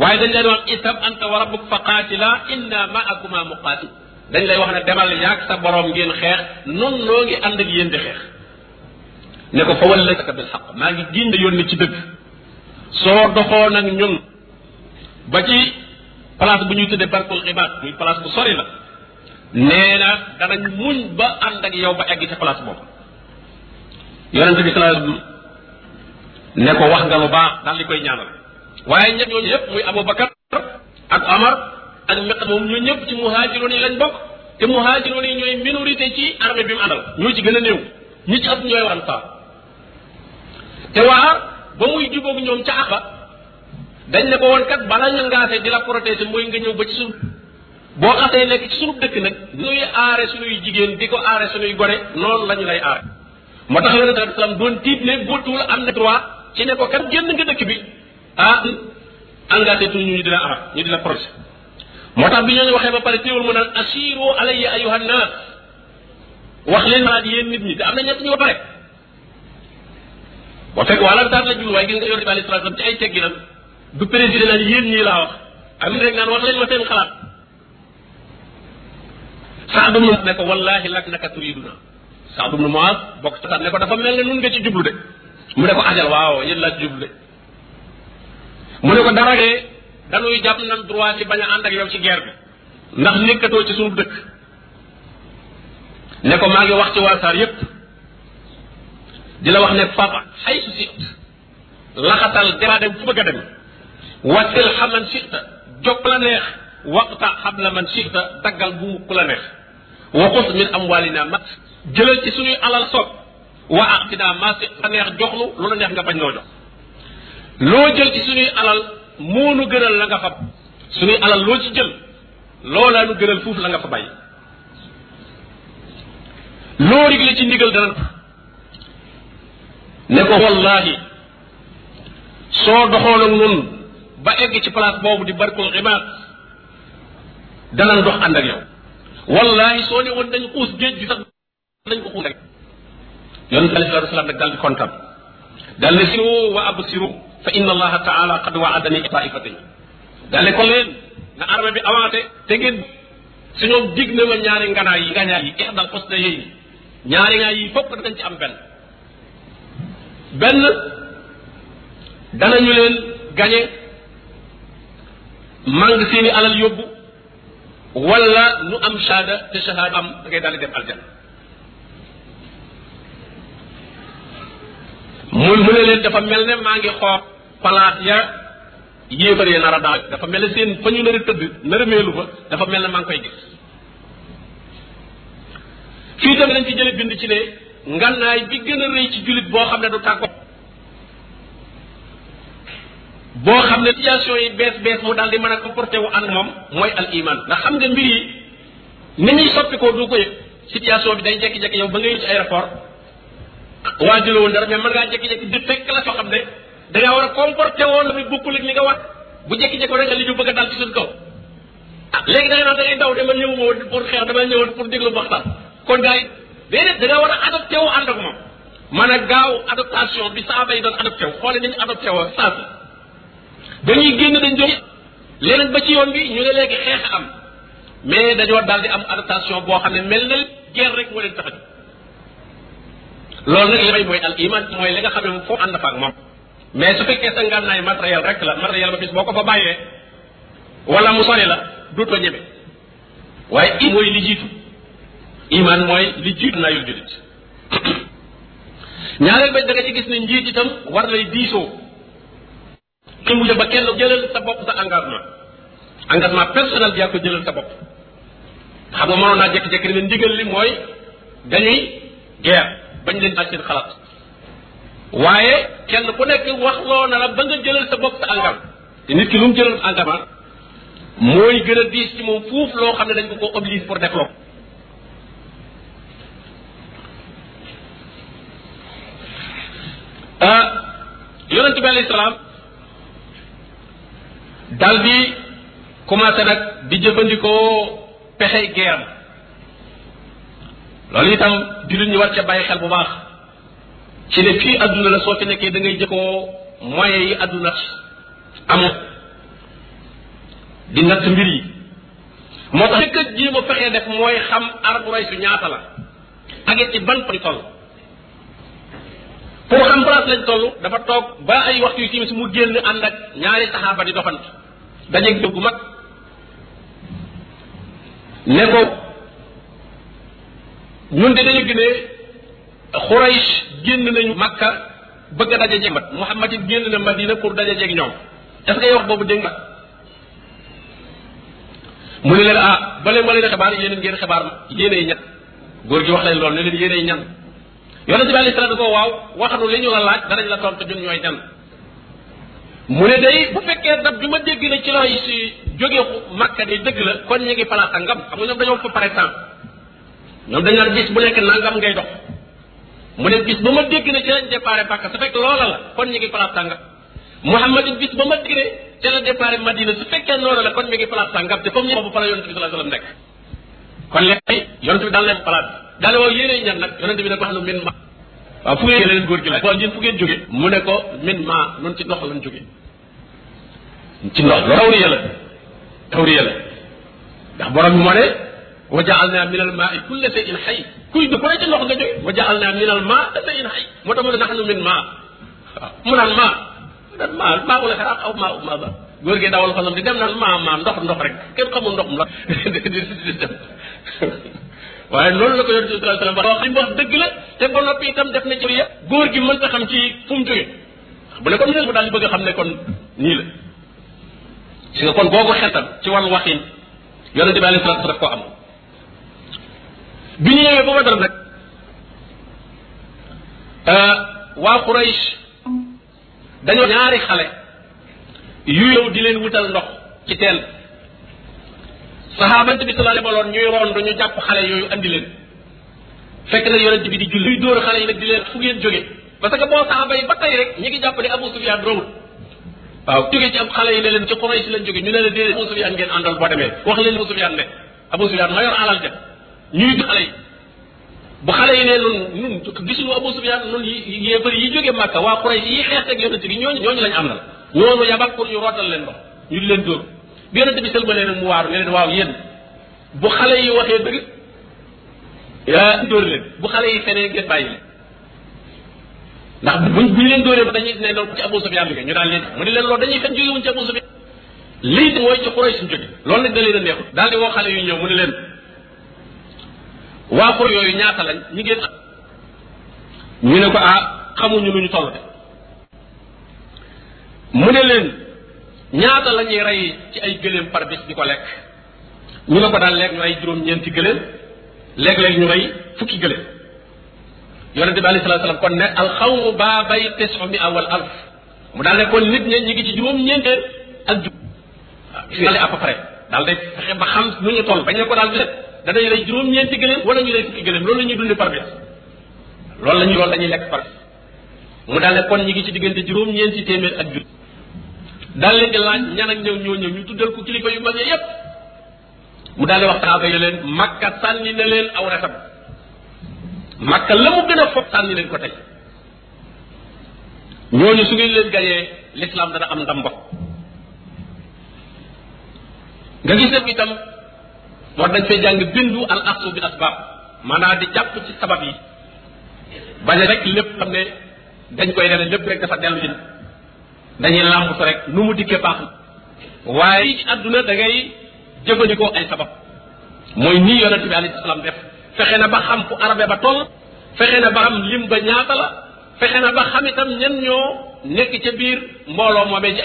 waaye dañ leen wax izhab anta wa rabbuk fa qaatila inna ma'akuma muqaatil dañ lay wax ne demal yaag sa borom ngeen xeex nun noo ngi ànd ak yéen xeex ne ko fa wallaka bi xaq maa ngi giñ la yónni ci dëgg soo doxoo nag ñun ba ci place bu ñuy tëddee barkul xibaat muy place bu sori la nee na danañ muñ ba ànd ak yow ba egg ci place boobu yonente bi sallallahu alayhi ne ko wax nga lu baax daal li koy ñaanal waaye ñooñu yëpp muy Aboubacar ak Amar ak Miqdaad moom ñu ñëpp ci muhaajiroon yi lañ bokk te muhaajiroon yi ñooy minorité ci armée bi mu àndal ñoo ci gën a néew ñu ci ëpp ñooy war ansaar te waa ba muy jubóog ñoom ca axa dañ ne ko woon kat bala ñu ngaase di la protéger mooy nga ñëw ba ci suuf boo xasee nekk ci suñu dëkk nag ñuy aare suñuy jigéen di ko aare suñuy gone noonu la ñu lay aare moo tax yonente bi salaam doon tiit ne bootuwul am na droit ci ne ko kat génn nga dëkk bi ah engagé tuñu ñu di la aar ñu di la moo tax bi ñoo ñooñu waxee ba pare téewul mu naan asiru alayya ayuhannas wax leen maanaam yéen nit ñi te am na ñett ñu ba pare boo fekk wala daan la jublu waaye gis nga yor bi alayhi salaatu salaam ci ay tegginam du président naan yéen ñii laa wax am rek naan wax leen ma seen xalaat Saad ibnu ne ko wallaahi lak naka turiduna Saad ibnu Muaaz bokk ci ne ko dafa mel ne nun nga ci jublu de mu ne ko ajal waaw yéen laa jublu de mu ne ko dara de dañuy jàpp nan droit ci bañ a ànd ak yow ci guerre bi ndax nekkatoo ci suñu dëkk ne ko maa ngi wax ci waa Saar yépp di la wax ne faba xay su sit laxatal dara dem fu bëgg a dem wasil xaman sita jóg la neex waqta xam la man sita daggal bu ku la neex waxus min amwalina mat jëlal ci suñuy alal soob wa aqtina ma sita neex joxlu lu la neex nga bañ loo jox loo jël ci suñuy alal moonu gënal la nga fab suñuy alal loo ci jël loolaa nu gënal fuuf la nga fa bàyyi loo réglé ci ndigal dana ne ko soo doxoon ak nun ba egg ci place boobu di barkul xibaat danañ dox ànd ak yow wallaahi soo ne woon dañ xuus géej gi sax dañ ko xuus rek yonent bi alayhi salaatu wasalaam nag daal di kontaan daal ne siru wa absiru fa inna allaha taala ne ko leen na armée bi avancé te ngeen su ñoom dig ne ma ñaari nganaay yi ngañaay yi ixdal xusna yéy ñaari yi fokk dañ ci am benn benn ñu leen gañe màng seeni alal yóbbu wala nu am shahada te shahada am da ngay daal dem aljanna mu mu ne leen dafa mel ne maa ngi xool palaat ya yéefar ya nar a daaj dafa mel ne seen fa ñu nar a tëdd nar a meelu fa dafa mel ne maa ngi koy gis fii tamit dañ ci jële bind ci ne ngannaay bi gën a rëy ci jullit boo xam ne du tàggoo boo xam ne situation yi bees bees mu daal di mën a comporté wu ànd moom mooy al iman ndax xam nga mbir yi ni muy soppi ko du ko yëg bi day jékki-jékki yow ba nga yëg ci aéroport waajuloo woon dara mais mën ngaa jékki-jékki di fekk la soo xam ne da war a comporté woon la muy bokkul li nga wax bu jékki jekkoo rek li ñu bëgg a dal ci suñ kaw ah léegi da ngay daw dama ñëw woon pour xeex ñëwoon pour déglu waxtaan kon gars déedéet da war a adopté wu ànd ak moom man a gaaw adaptation bi saaba yi doon adopté wu xoole ni ñu adopté woo saa si dañuy génn dañ jóge leneen ba ci yoon bi ñu ne léegi xeex am mais dañoo daal di am adaptation boo xam ne mel na guerre rek moo leen tax loolu nag mooy al iman mooy li nga xam ne moom foo ànd fa ak moom mais su fekkee sa ngànnaay matériel rek la matériel ba bis boo ko fa bàyyee wala mu sori la duutoo ñeme waaye mooy li jiitu iman mooy li jiitu naa yor jullit ñaareel ba da nga ci gis ne njiit itam war lay diisoo ki mu ba kenn jëlal sa bopp sa engagement engagement personnel bi yaa ko jëlal sa bopp xam nga mënoon naa jékki-jékki ne ndigal li mooy dañuy guerre bañ leen laaj seen xalaat waaye kenn ku nekk wax loo na la ba nga jëlal sa bopp sa engagement te nit ki lu mu jëlal engagement mooy gën a diis ci moom fuuf loo xam ne dañ ko ko obligé pour développer ah yonent bi alayhi salaam dal di commencé nag di jëfandikoo pexe geeram loolu itam jullit ñi war ca bàyyi xel bu baax ci ne fii àdduna la soo fi nekkee da ngay jëkkoo moyens yi àdduna amul di natt mbir yi moo tax jëkk jéem a fexe def mooy xam arbre su ñaata la ak it ci ban prix pour xam place lañ toll dafa toog ba ay waxtu yu si mu génn ànd ak ñaari saxaaba di doxant dajeeg jóg bu mag ne ko ñun de dañu gën a Xuraysh génn nañu Makka bëgg a daje jeeg mat Muhammad it génn na Madina pour daje jeeg ñoom est-ce que yow wax boobu dégg nga mu ne leen ah ba leen ma leen xibaar yéen ngeen xibaar yéenay ñan góor gi wax leen loolu ne leen yéenay ñan yonente bi alayhi salaatu da ko waaw waxanu li ñu la laaj danañ la tontu ñun ñooy dem mu ne day bu fekkee dab bi ma dégg ne ci lay si jóge makka di dëgg la kon ñu ngi palaas a ngam xam dañoo fa pare temps ñoom dañ naan bis bu nekk nangam ngay dox mu ne bis ba ma dégg na ci lañ départ Makka su fekk loola la kon ñu ngi palaas sàngam Muhammad bis ba ma dégg ne ci la départ Madina su fekkee loola la kon mi ngi palaas sàngam te comme ñu boobu fa la yonente bi sallallahu alayhi wasallam nekk kon léegi yonente bi daal leen palaas daal waaw ñan nag yonente bi nag wax nu min ma waaw fu ngeen leen góor laaj waaw ñun fu ngeen mu ne ko min ma nun ci ndox lañ jóge tawriya la ndax borom bi moo ne wa jaal min al maa i kulle sey in xay kuy ndox nga jóge wa jaal min al maa sey in xay moo tax mu ne naxnu min maa mu naan maa maa maa wala aw maa maa ba góor gi dawal xalam di dem naan maa ndox ndox rek kenn xamul ndox mu la waaye loolu la ko yonent bi sallallahu alayhi wax li mu wax dëgg la te ba noppi itam def na ci ya góor gi mën ta xam ci fu mu jógee bu ne ko mu daal di bëgg a xam ne kon nii la si nga kon boo ko xetal ci wàllu waxin yonente bi alayhi salaatu daf ko am bi ñu ñëwee ba euh, waa Quraysh dañoo ñaari xale yu di leen wutal ndox ci teen saxaabant bi sala lebaloon ñuy roon ñu jàpp xale yooyu andi leen fekk na yonent bi di julli luy dóor xale yi nag di leen fu ngeen jóge parce que boo saxaaba yi ba tey rek ñi ngi jàpp ne Abu Sufyaan roowul waaw ci am xale yi ne leen ci Quraysh lañ ñu ne la déedéet Abu Sufyaan ngeen àndal boo demee wax leen Abu ma yor alal ja ñuy xale yi bu xale yi ne nun nun yi jóge Màkka waa Quraysh yi xeex ak yonent bi ñooñu ñooñu lañ àndal ñooñu leen ndox ñu di leen dóor bi yonente bi sëlbalee nag mu waaru ne leen waaw yéen bu xale yi waxee dëgg yaa dóor leen bu xale yi feneen ngeen bàyyi leen ndax buñ buñ leen dóoree ba dañuy ne loolu ci Abu Sufyaan liggéey ñu daan leen mu ne leen loolu dañuy fen jóge wuñ ci Abu Sufyaan lii mooy ci Quraysh leen a neexu daal di woo xale yu ñëw mu ne leen waa Quraysh yooyu ñaata la ñu ñu ne ko ah xamuñu lu ñu toll de mu ne leen ñaata lañuy rey ci ay gëléem par bis di ko lekk ñu ne ko daal lekk ñu rey juróom-ñeenti gëléem léeg-léeg ñu rey fukki gëléem yonente bi alayhi salaatu salaam kon ne alxawmu baa bay tesu mi awal alf mu daal ne nit ñi ñu ngi ci juróom-ñeenteel ak ju waaw à peu près daal fexe ba xam nu ñu toll bañ ne ko daal lépp danañ rey juróom-ñeenti gëléem wala ñu rey fukki gëléem loolu la ñuy dundi par bis loolu la ñuy loolu la ñuy lekk par mu daal ne kon ñu ngi ci diggante juróom-ñeenti téeméer ak jur dal leen di laaj ñan ak ñëw ñoo ñëw ñu tuddal ko kilifa yu mag yépp mu daal di wax saxaaba yi leen makka sànni na leen aw ratam makka la mu gën a foog sànni leen ko tey ñooñu su ngeen leen gayee l'islam dana am ndam mbokk nga gis def itam war nañ fee jàng bindu al axsu bil asbab maanaam di jàpp ci sabab yi bañ rek lépp xam ne dañ koy dene lépp rek dafa dellu ci dañuy làmbatu rek nu mu dikkee baax na waaye ci àdduna da ngay jëfandikoo ay sabab mooy nii yonent bi alayhi salaam def fexe na ba xam fu arabe ba toll fexe na ba xam lim ba ñaata la fexe na ba xam itam ñen ñoo nekk ca biir mbooloo moomee ci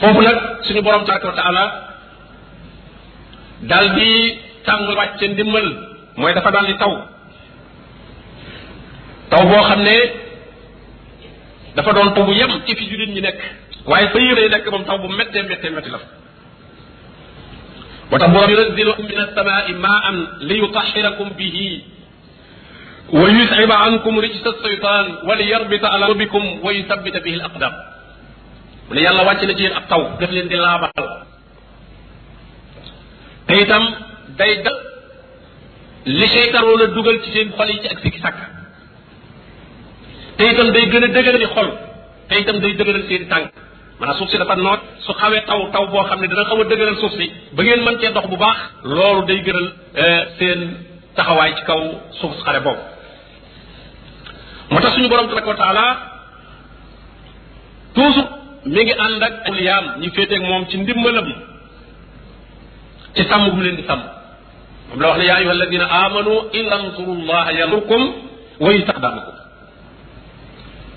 foofu nag suñu boroom tabaraka wa taala daal di tàng wàcce ndimbal mooy dafa daal di taw taw boo xam ne dafa doon taw bu yem ci fi jullit ñi nekk waaye fa yéene nekk moom taw bu méttee méttee métti la moo tax borom yunazzilu min as-samaa'i maa'an li yutahhirakum bihi wa yut'iba ankum rijsa as-shaytaan wa li yarbita ala qulubikum wa yuthabbita bihi al-aqdaam mu ne yàlla wàcc na ci yéen ab taw def leen di laabal te itam day dal li seytaroon a dugal ci seen xol yi ci ak sikki sàkk te itam day gën a dëgëral di xol te itam day dëgëral seen i tànk maanaam suuf si dafa noot su xawee taw taw boo xam ne dana xaw a dëgëral suuf si ba ngeen mën cee dox bu baax loolu day gëral euh, seen taxawaay ci kaw suuf si xare boobu moo tax suñu borom tabaraka wa taala toujours mi ngi ànd ak awliyaam moom ci ndimbalam ci leen di sàmm moom la wax ne yaa ayyuha alladina amanu in tansurullaha yansurkum wa yutaqdamukum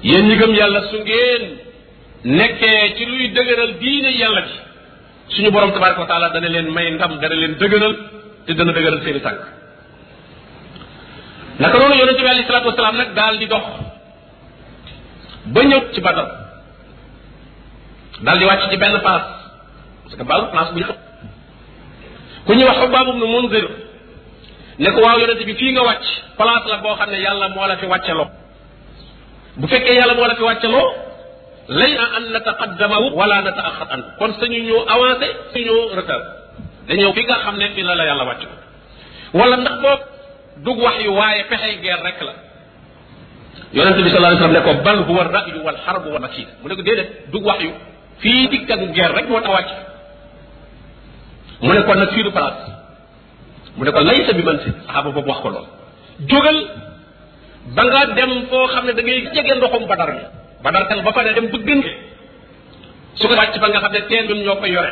yéen ñi gëm yàlla su ngeen nekkee ci luy dëgëral diine yàlla ci suñu borom tabaraka wa dana leen may ndam dana leen dëgëral te dana dëgëral seeni tànk naka noonu yonente bi alayhi salaatu wasalaam nag daal di dox ba ñëw ci Badar daal di wàcc ci benn paas parce que bal place bu ñu xam ku ñuy wax Xubbaab ibnu Munzir ne ko waaw yonente bi fii nga wàcc place la boo xam ne yàlla moo la fi loo bu fekkee yàlla moo la fi wàccaloo lay na an nataqaddamahu wala nataaxar an kon sañu ñoo avancé sañu ñoo retard dañoo fi nga xam ne fi la la wala ndax dug wax yu waaye pexey guerre rek la yonente bi sallallahu alayhi wasallam ne ko bal huwa rayu wal xarbu wal makir mu ne ko déedéet dug wax yu fii dikkagu guerre rek moo tax wàcc mu ne ko nag fii du place mu ne ko laysa bi man si saxaaba boobu wax ko lool ba nga dem foo xam ne dangay ngay jege ndoxum badar bi badar kan ba pare dem bëgg su ko wàcc ba nga xam ne teen bi ñoo ko yore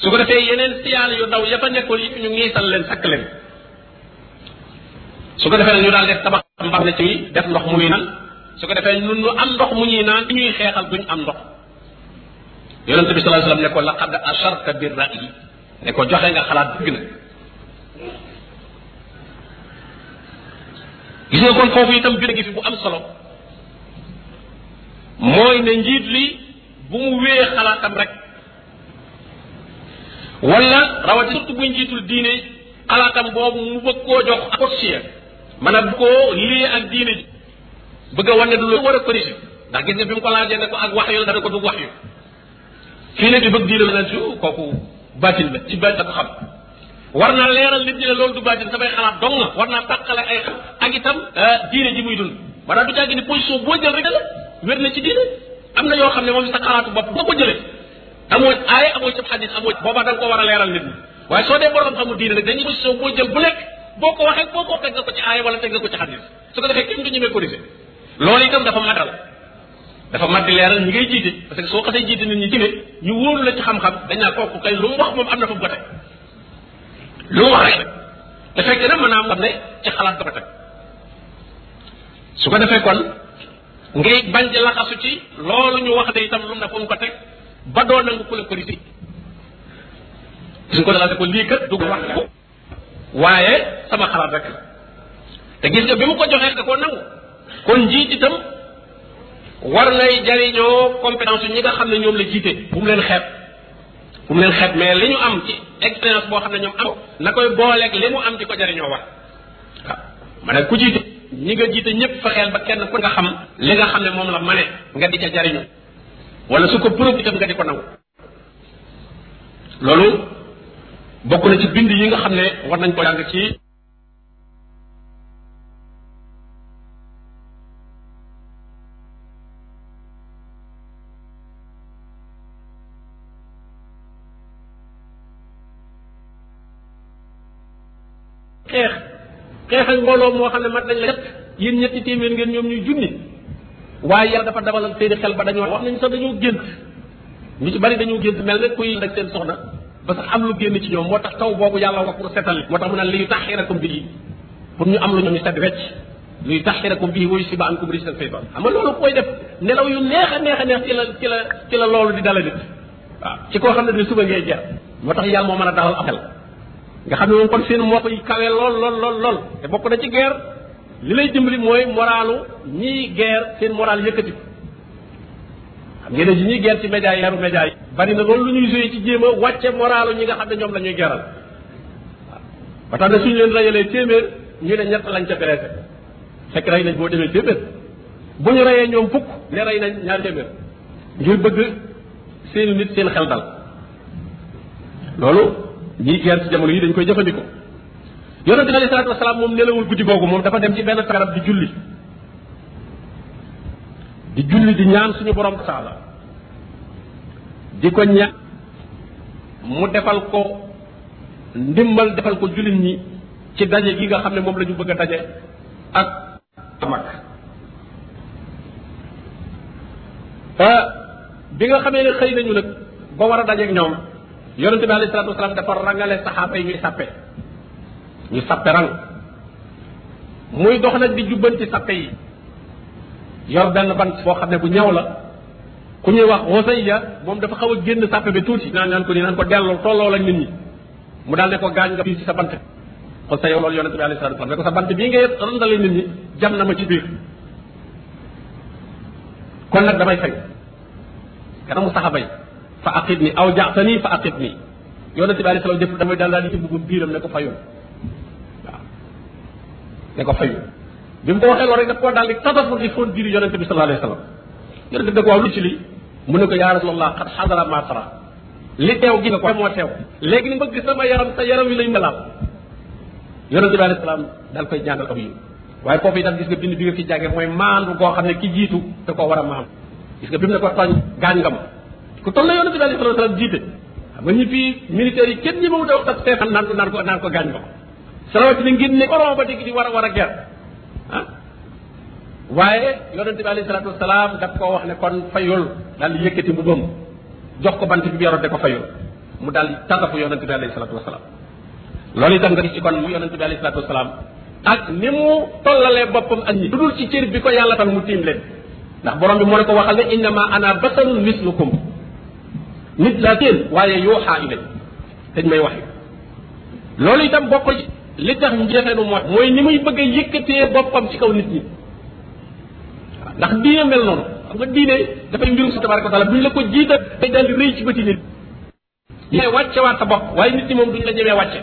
su ko defee yeneen siyaal yu ndaw ya fa nekkoon yi ñu ngiisal leen sakk leen su ko defee ñu daal def tabax mbax ne ci def ndox mu ñuy naan su ko defee ñun ñu am ndox mu ñuy naan ñuy xeexal duñ am ndox yonent bi sallallahu alayhi wasallam ne ko laqad asharta bi ra'yi ne ko joxe nga xalaat dëgg na gis nga kon foofu itam bir gi fi bu am solo mooy ne njiit li bu mu wéyee xalaatam rek rawat rawati surtout bu njiitul diine xalaatam boobu mu bëgg koo jox akosia maanaam bu koo lii ak diine ji bëgg a du lu war a corrigé ndax gis nga mu ko laajee ne ko ak wax yu la dana ko du wax yu fii ne di bëgg diine la su kooku baatil la ci baat la ko xam war naa leeral nit ñi ne loolu du baatin samay xalaat dong na war naa tàqale ay ak itam euh, diine ji muy dund maanaam du jàggi ni position boo jël rek la wér na ci diine am na yoo xam ne moom sa xalaatu bopp boo ko jëlee am aaya amoo ci xadis amoo boobaa da nga ko war a leeral nit ñi waaye soo dee borom xamu diine nag dañ position boo jël bu nekk boo ko waxee boo ko nga ko ci aaya wala teg nga ko ci xadis su ko defee kenn du ñemee corrigé loolu dafa matal di leeral ñi ngay jiite parce que soo xasee jiite nit la xam-xam dañ naa kooku kay lu mu wax moom am na fa gote lu mu wax rek te fekk na mën naa xam ne ci xalaat ko teg su ko defee kon ngay bañ di laxasu ci loolu ñu wax de itam lu mu ne fu mu ko teg ba doo nangu ku la ko risi suñ ko dalal ko lii kat dugg waaye sama xalaat rek gis nga bi mu ko joxee da koo nangu kon njiit itam war nay jariñoo compétence yu ñi nga xam ne ñoom la jiite bu mu leen xeeb ku mel xet mais li ñu am ci expérience boo xam ne ñoom am na koy booleeg li mu am ci ko jariñoo war waaw ma ne ku jiite ñi nga jiite ñëpp fexeel ba kenn ku nga xam li nga xam ne moom la mane nga di ca jariñu wala su ko profité nga di ko nangu loolu bokk na ci bind yi nga xam ne war nañ ko jàng ci xeex xeex ak mbooloo moo xam ne mat nañ la ñett yéen ñetti téeméer ngeen ñoom ñuy junni waaye yàlla dafa la seeni xel ba dañoo wax nañ sax dañoo gént ñu ci bari dañoo gént mel ne kuy ak seen soxna ba sax am génn ci ñoom moo tax taw boobu yàlla wax pour setal moo tax mu naan li yu taxirakum bii pour ñu am lu ñu set wecc li yu taxirakum bii woyu si ba an kum risal fay ba xam nga koy def nelaw yu neex a neex a neex ci la ci la ci la loolu di dala nit waaw ci koo xam ne suba ngay jar moo tax yàlla moo mën a taxal am xel nga xam ne moom kon seen mbokk yi kawe lool lool lool lool te bokk na ci guerre li lay dimbali mooy moralu ñiy guerre seen moral yëkkati xam ngeen ne si ñuy guerre ci média yi yaru média yi bari na loolu lu ñuy joué ci jéem a wàcce moralu ñi nga xam ne ñoom la ñuy geral waaw ba tax suñu leen rayalee téeméer ñu ne ñett lañ ca blessé fekk rey nañ boo demee téeméer bu ñu reyee ñoom fukk ne rey nañ ñaar téeméer ngir bëgg seeni nit seen xel dal loolu ñii guerre jamono yi dañ koy jëfandikoo yonente bi moom nelawul guddi googu moom dafa dem ci benn garab di julli julli di ñaan suñu borom taala di ko ñaan mu defal ko ndimbal defal ko jullit ñi ci daje gi nga xam ne moom la bëgg a daje ak mag ah, bi nga xamee xëy nañu nag ba war a dajeeg ñoom yonente bi alayhi salatu wasalaam dafa rangale saxaaba yi ñuy sàppe ñu sàppe rang muy dox nag bi jubbanti sàppe yi yor benn bant boo xam ne bu ñaw la ku ñuy wax Xusayya moom dafa xaw a génn sàppe bi tuuti naan naan ko nii naan ko delloo tolloo la nit ñi mu daal ne ko gaañ nga fii ci sa bant Xusayya loolu yonente bi alayhi salatu wasalaam ne ko sa bant bii ngay randale nit ñi jam na ma ci biir kon nag damay fay kanamu saxaaba yi fa aqit ni aw jaxtani fa aqit ni yonent bi alayhi salaam def damay daal di ci biiram ne ko fayul ne ko fayul bi mu ko waxee loolu rek daf koo daal di tatafur di foon biiri yonent bi bi da ko waaw lu ci lii mu ne ko yaa ko léegi ni bëgg sama yaram sa yaram wi lañ ma laal yonent bi alayhi salaam daal koy ñaanal aw yiw waaye foofu itam gis nga bind bi nga fi jàngee mooy maandu goo xam ne ki jiitu da koo war a maandu gis nga bi mu ne ko tooñ gaañ nga ma ku toll na yonente bi alei salatu salaam jiite xam nga ñu yi kenn ñi moom da wax tak seefan naan ko naan ko naan ko gaañ ko salawati ni ngeen ne oron ba dégg di war a war a ger ah waaye yonente bi alei salatu wasalaam daf koo wax ne kon fayul daal di yëkkati mu jox ko bant bi bi yoroon de ko fayul mu daal di tasafu yonente bi alei salatu wasalaam loolu itam nga gis ci kon mu yonente bi alei salatu wasalaam ak ni mu tollalee boppam ak ñi ci cër ko yàlla tax ndax borom bi moo ne ko waxal ne innama ana basarun nit laa téen waaye yooxaa ilay dañ may wax loolu itam bokk ci li tax njeexeenu mooy mooy ni muy bëgg a yëkkatee boppam ci kaw nit ñi ndax diine mel noonu xam nga diine dafay mbirum sa tabaraka taala bu ñu la ko jiita day daal di rëy ci bëti nit ñi wàcce waat sa bopp waaye nit ñi moom duñ la ñemee wàcce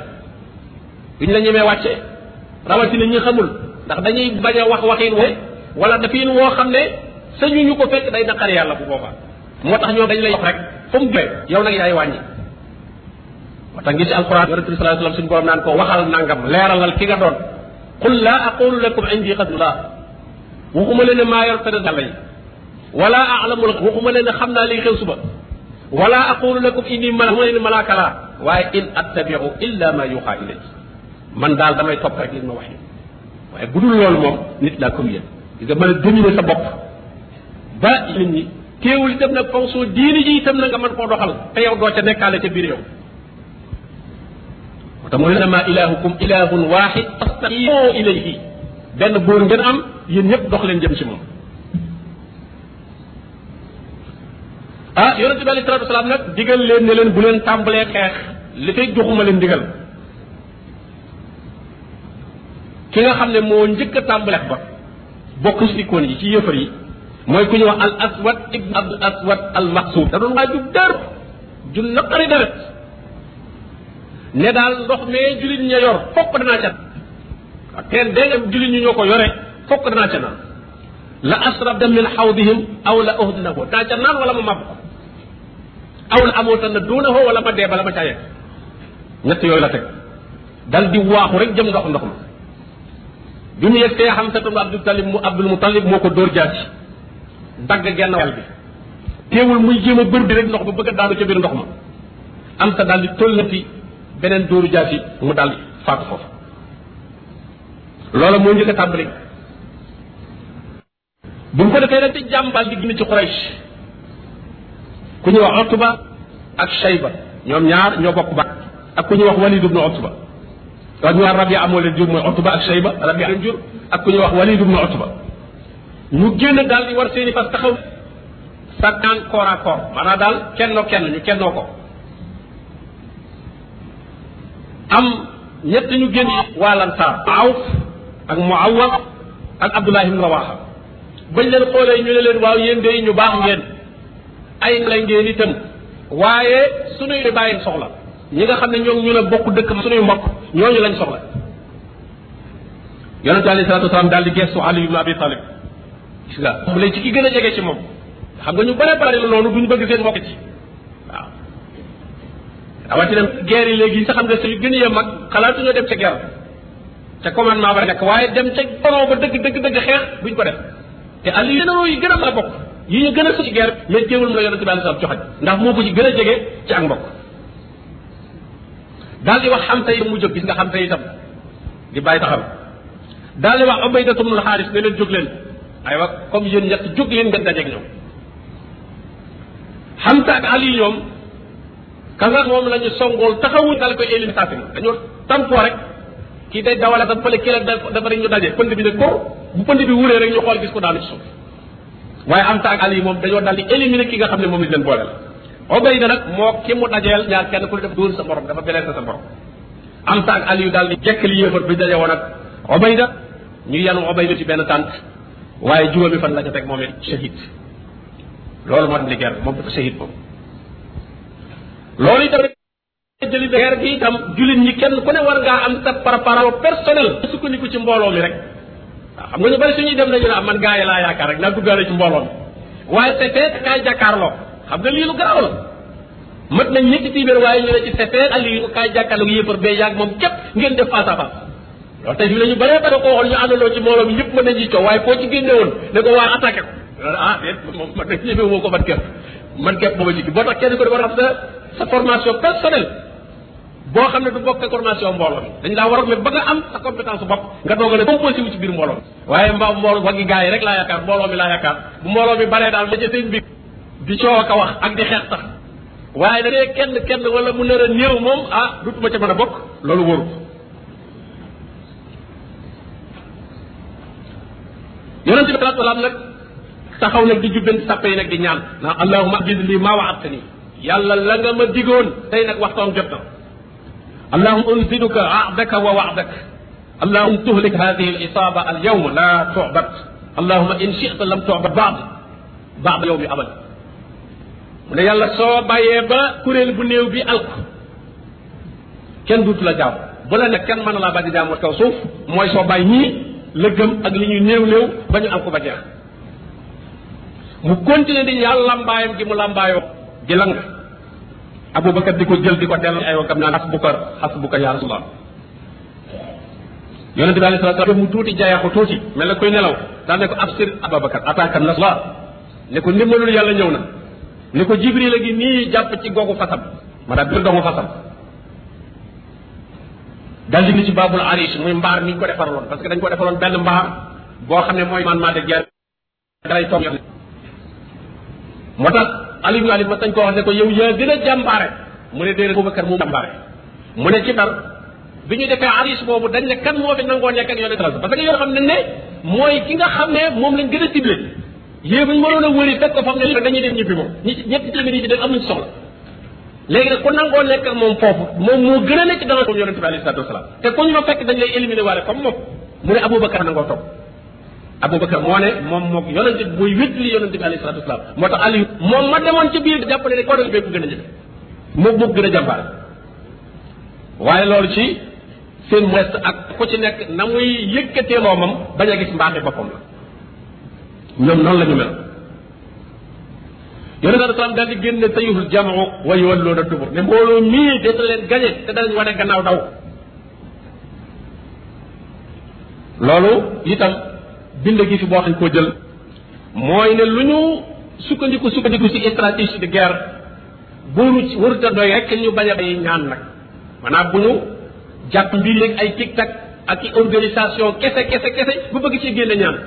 duñ la ñemee wàcce rawatina ñi xamul ndax dañuy bañ a wax waxin we wala dafin woo xam ne sañu ñu ko fekk day naqari yàlla bu boobaa moo tax ñoom dañ lay wax fu mu joxe yow nag yaay wàññi moo tax ngir ci alquran yonente bi sallallahu alayhi wasallam suñu borom naan ko waxal nangam leeralal ki nga doon qul laa aqulu lakum indi xadullah waxuma leen ne maa yor tëdd yàlla yi wala alamul waxuma leen ne xam naa liy xew suba wala aqulu lakum indi mala waxuma leen ne malaaka laa waaye in attabiu illa ma yuuxaa ilay man daal damay topp rek li ma wax waaye bu dul loolu moom nit laa comme yéen gis nga mën a dominer sa bopp ba nit ñi téewul itam nag faw soo diini ji itam na nga mën koo doxal te yow doo ca nekkaale ca biir yow moo tax mu ne ma waaxid fastaqimo ilayhi benn buur ngeen am yéen ñëpp dox leen jëm moom ah yonente bi alei salatu wasalaam nag leen bu leen tàmbalee xeex li fay joxuma leen digal ki nga xam ne moo njëkk a tàmbaleex ba bokk si yi ci yëfar yi mooy ku ñuy wax al aswad ibn abdul aswad al maxsuud da doon waaju dër ju naqari deret ne daal ndox mee jullit ña yor fokk danaa ca teen dee nga ñu ñoo ko yore fokk danaa ca naan la asrab da min xawdihim aw la uhdina ko danaa ca naan wala ma màbb ko aw la amootan na duuna ko wala ma dee bala ma caa yegg yooyu la teg dal di waaxu rek jëm ndox ndox ma bi mu yegg see xam sa tam abdul mu abdul moo ko dóor jaasi dagg genn wàll bi teewul muy jéem a bër bi rek ndox ba bëgg a daanu ca biir ndox ma am sa daal di beneen dóoru jaas yi mu daal faatu foofu loola moo njëkk a tàmbali bu mu ko defee nag di jàmbal di gën ci Quraysh ku ñuy wax Utba ak Shayba ñoom ñaar ñoo bokk ba ak ku ñu wax Walid ibn Utba ñoom ñaar Rabia amoo leen jur mooy Utba ak Shayba Rabia leen jur ak ku ñu wax Walid ibn Utba ñu génn daal war seen i fas taxaw sàddaan corps à corps daal kennoo kenn ñu kennoo ko am ñett ñu génn waa lansaar awf ak muawwad ak abdullah ibn rawaha bañ leen xoolee ñu ne leen waaw yéen de ñu baax ngeen ay la ngeen itam waaye suñuy bàyyi soxla ñi nga xam ne ñoom ñu ne bokk dëkk suñuy mbokk ñooñu lañ soxla yonente alayhi salatu wasalaam daal di gestu ali ibn abi talib gis nga mu lay ci ki gën a jege ci moom xam nga ñu bare bare la loolu duñu bëgg seen mbokk ci waaw rawatina guerre yi léegi sax xam nga suñu gën a mag xalaatuñoo dem ca guerre ca commandement nekk waaye dem ca borom ba dëgg dëgg dëgg xeex buñ ko def te àll yi généraux gën a bokk yi ñu gën a sëci guerre mais téewul mu bi ndax moo ko ci gën a jege ci ak mbokk daal di wax xam tey mu jóg gis nga xam tey itam di bàyyi taxaw daal di wax Ubaydatu bnul Xaaris ne leen jóg leen aywa comme yéen ñett jóg leen ngeen dajeeg ñoom Hamza ak Ali ñoom ka nga moom la ñu songool taxawuñ daal koy élim saasin dañoo tànkoo rek kii day dawale tam fële kii la dafa rek ñu daje pënd bi ne ko bu bi wuree rek ñu xool gis ko daanu ci suuf waaye Hamza ak moom dañoo daal di éliminer ki nga xam ne moom lañ leen boole la Ubayda nag moo ki mu dajeel ñaar kenn ku def dóor sa borom dafa blessé sa borom Hamza ak Ali daal di jekkali yéefar bi daje woon ak Ubayda ñu yanu Ubayda ci benn tànk waaye juróomi fan la rek teg moom it shahid loolu moo di guerre moom dafa shahid moom loolu itam jëli guerre bi tam jullit ñi kenn ku ne war ngaa am sa préparation personnelle ko ci mbooloo mi rek waaw xam nga ñu bari suñuy dem dañu ne am man gaa laa yaakaar rek naa duggaale ci mbooloo mi waaye sefeet kaay jàkkaarloo xam nga lii lu garaaw la mat nañ ñetti téeméer waaye ñu ne ci sefeet Aliou kaay jàkkaarloo yéefar bee yàgg moom képp ngeen def face loolu tey fi mu ne ñu bëree bëri koo xool ñu àndandoo ci mbooloo mi ñëpp mën nañu coow waaye koo ci génne woon ne ko waa attaqué ko ah déet moom man nag ñeme woo ko man képp man képp moo ma jikki boo tax kenn ko dafa am sa formation personnelle boo xam ne du bokk formation mbooloo mi dañ laa war a ba nga am sa compétence bopp nga doog a ne composé wu ci biir mbooloo mi waaye mbaa mbooloo waggi gars yi rek laa yaakaar mbooloo mi laa yaakaar bu mbooloo mi baree daal la ca seen bi di coow ak a wax ak di xeex tax waaye da dee kenn kenn wala mu nar a néew moom ah dutuma ca mën a bokk loolu wóoru yonent bi salaatu salaam nag taxaw nag di jubbanti sàppe yi nag di ñaan naa allahuma ajid lii maa waxatta nii yàlla la nga ma digoon tey nag waxtoom jot na allahuma unziduka ahdaka wa wahdaka allahuma tuhlik hadihi al isaba al yawma la tubat allahuma in chita lam tubat baad baad yow mi abad mu ne yàlla soo bàyyee ba kuréel bu néew bi alk kenn duutu la jaamu bu la ne kenn mën na laa ba di jaamu kaw suuf mooy soo bàyyi ñii la gëm ak li ñuy néew néew ba ñu am ko ba jeex mu continuer di yàlla làmbaayam gi mu làmbaayoo di lang abubakar di ko jël di ko dellu ay wakam naan xas bukar xas bukar yaa rasulallah yonent bi alayhi salaatu mu tuuti jaayee ko tuuti mel na koy nelaw daal ne ko absir abubakar ataaka nasrullah ne ko ndimbalul yàlla ñëw na ni ko jibril a nii jàpp ci googu fasam ma daal bir doomu fasam dal ni ci babul arish muy mbaar mi ñu ko defaroon parce que dañ ko defaroon benn mbaar boo xam ne mooy man maa de guerre dalay toog moo tax ali ibn ali mas dañ ko wax ne ko yow yaa gën a jàmbaare mu ne déedéet Abubakar mu jàmbaare mu ne ci bar bi ñu defee arish boobu dañ ne kan moo fi nangoo nekk ak yoon parce que yoon xam ne ne mooy ki nga xam ne moom lañ gën a ciblé yéen bu ñu mënoon a wëri fekk ko fam ne dañuy dem ñibbi moom ñi ñetti téeméer yi ci def am léegi nag ku nangoo nekk ak moom foofu moom moo gën a nekk dana toog yonente bi alayhi salaatu wasalaam te ku ñu ma fekk dañ lay éliminer waale comme moom mu ne Aboubacar nangoo toog Aboubacar moo ne moom moog yonente bi buy wéttali yonente bi alayhi salaatu wasalaam moo tax Aliou moom ma demoon ci biir jàppale ne ko a moo gën a jàmbaare waaye loolu ci seen mest ak ku ci nekk na muy yëkkatee loomam bañ a gis mbaaxi boppam la ñoom noonu la mel yonent bi salaam daal di génne sayuhul jamu wa yuwalluuna dubur ne mbooloo mii des na leen gañe te war wane gannaaw daw loolu itam bind gi fi boo xam koo jël mooy ne lu ñu sukkandiku sukkandiku ci stratégie de guerre buuru ci warut a doy rek ñu bañ a bay ñaan nag maanaam bu ñu jàpp mbir yeeg ay tic tac ak i organisation kese kese kese bu bëgg ci génne ñaan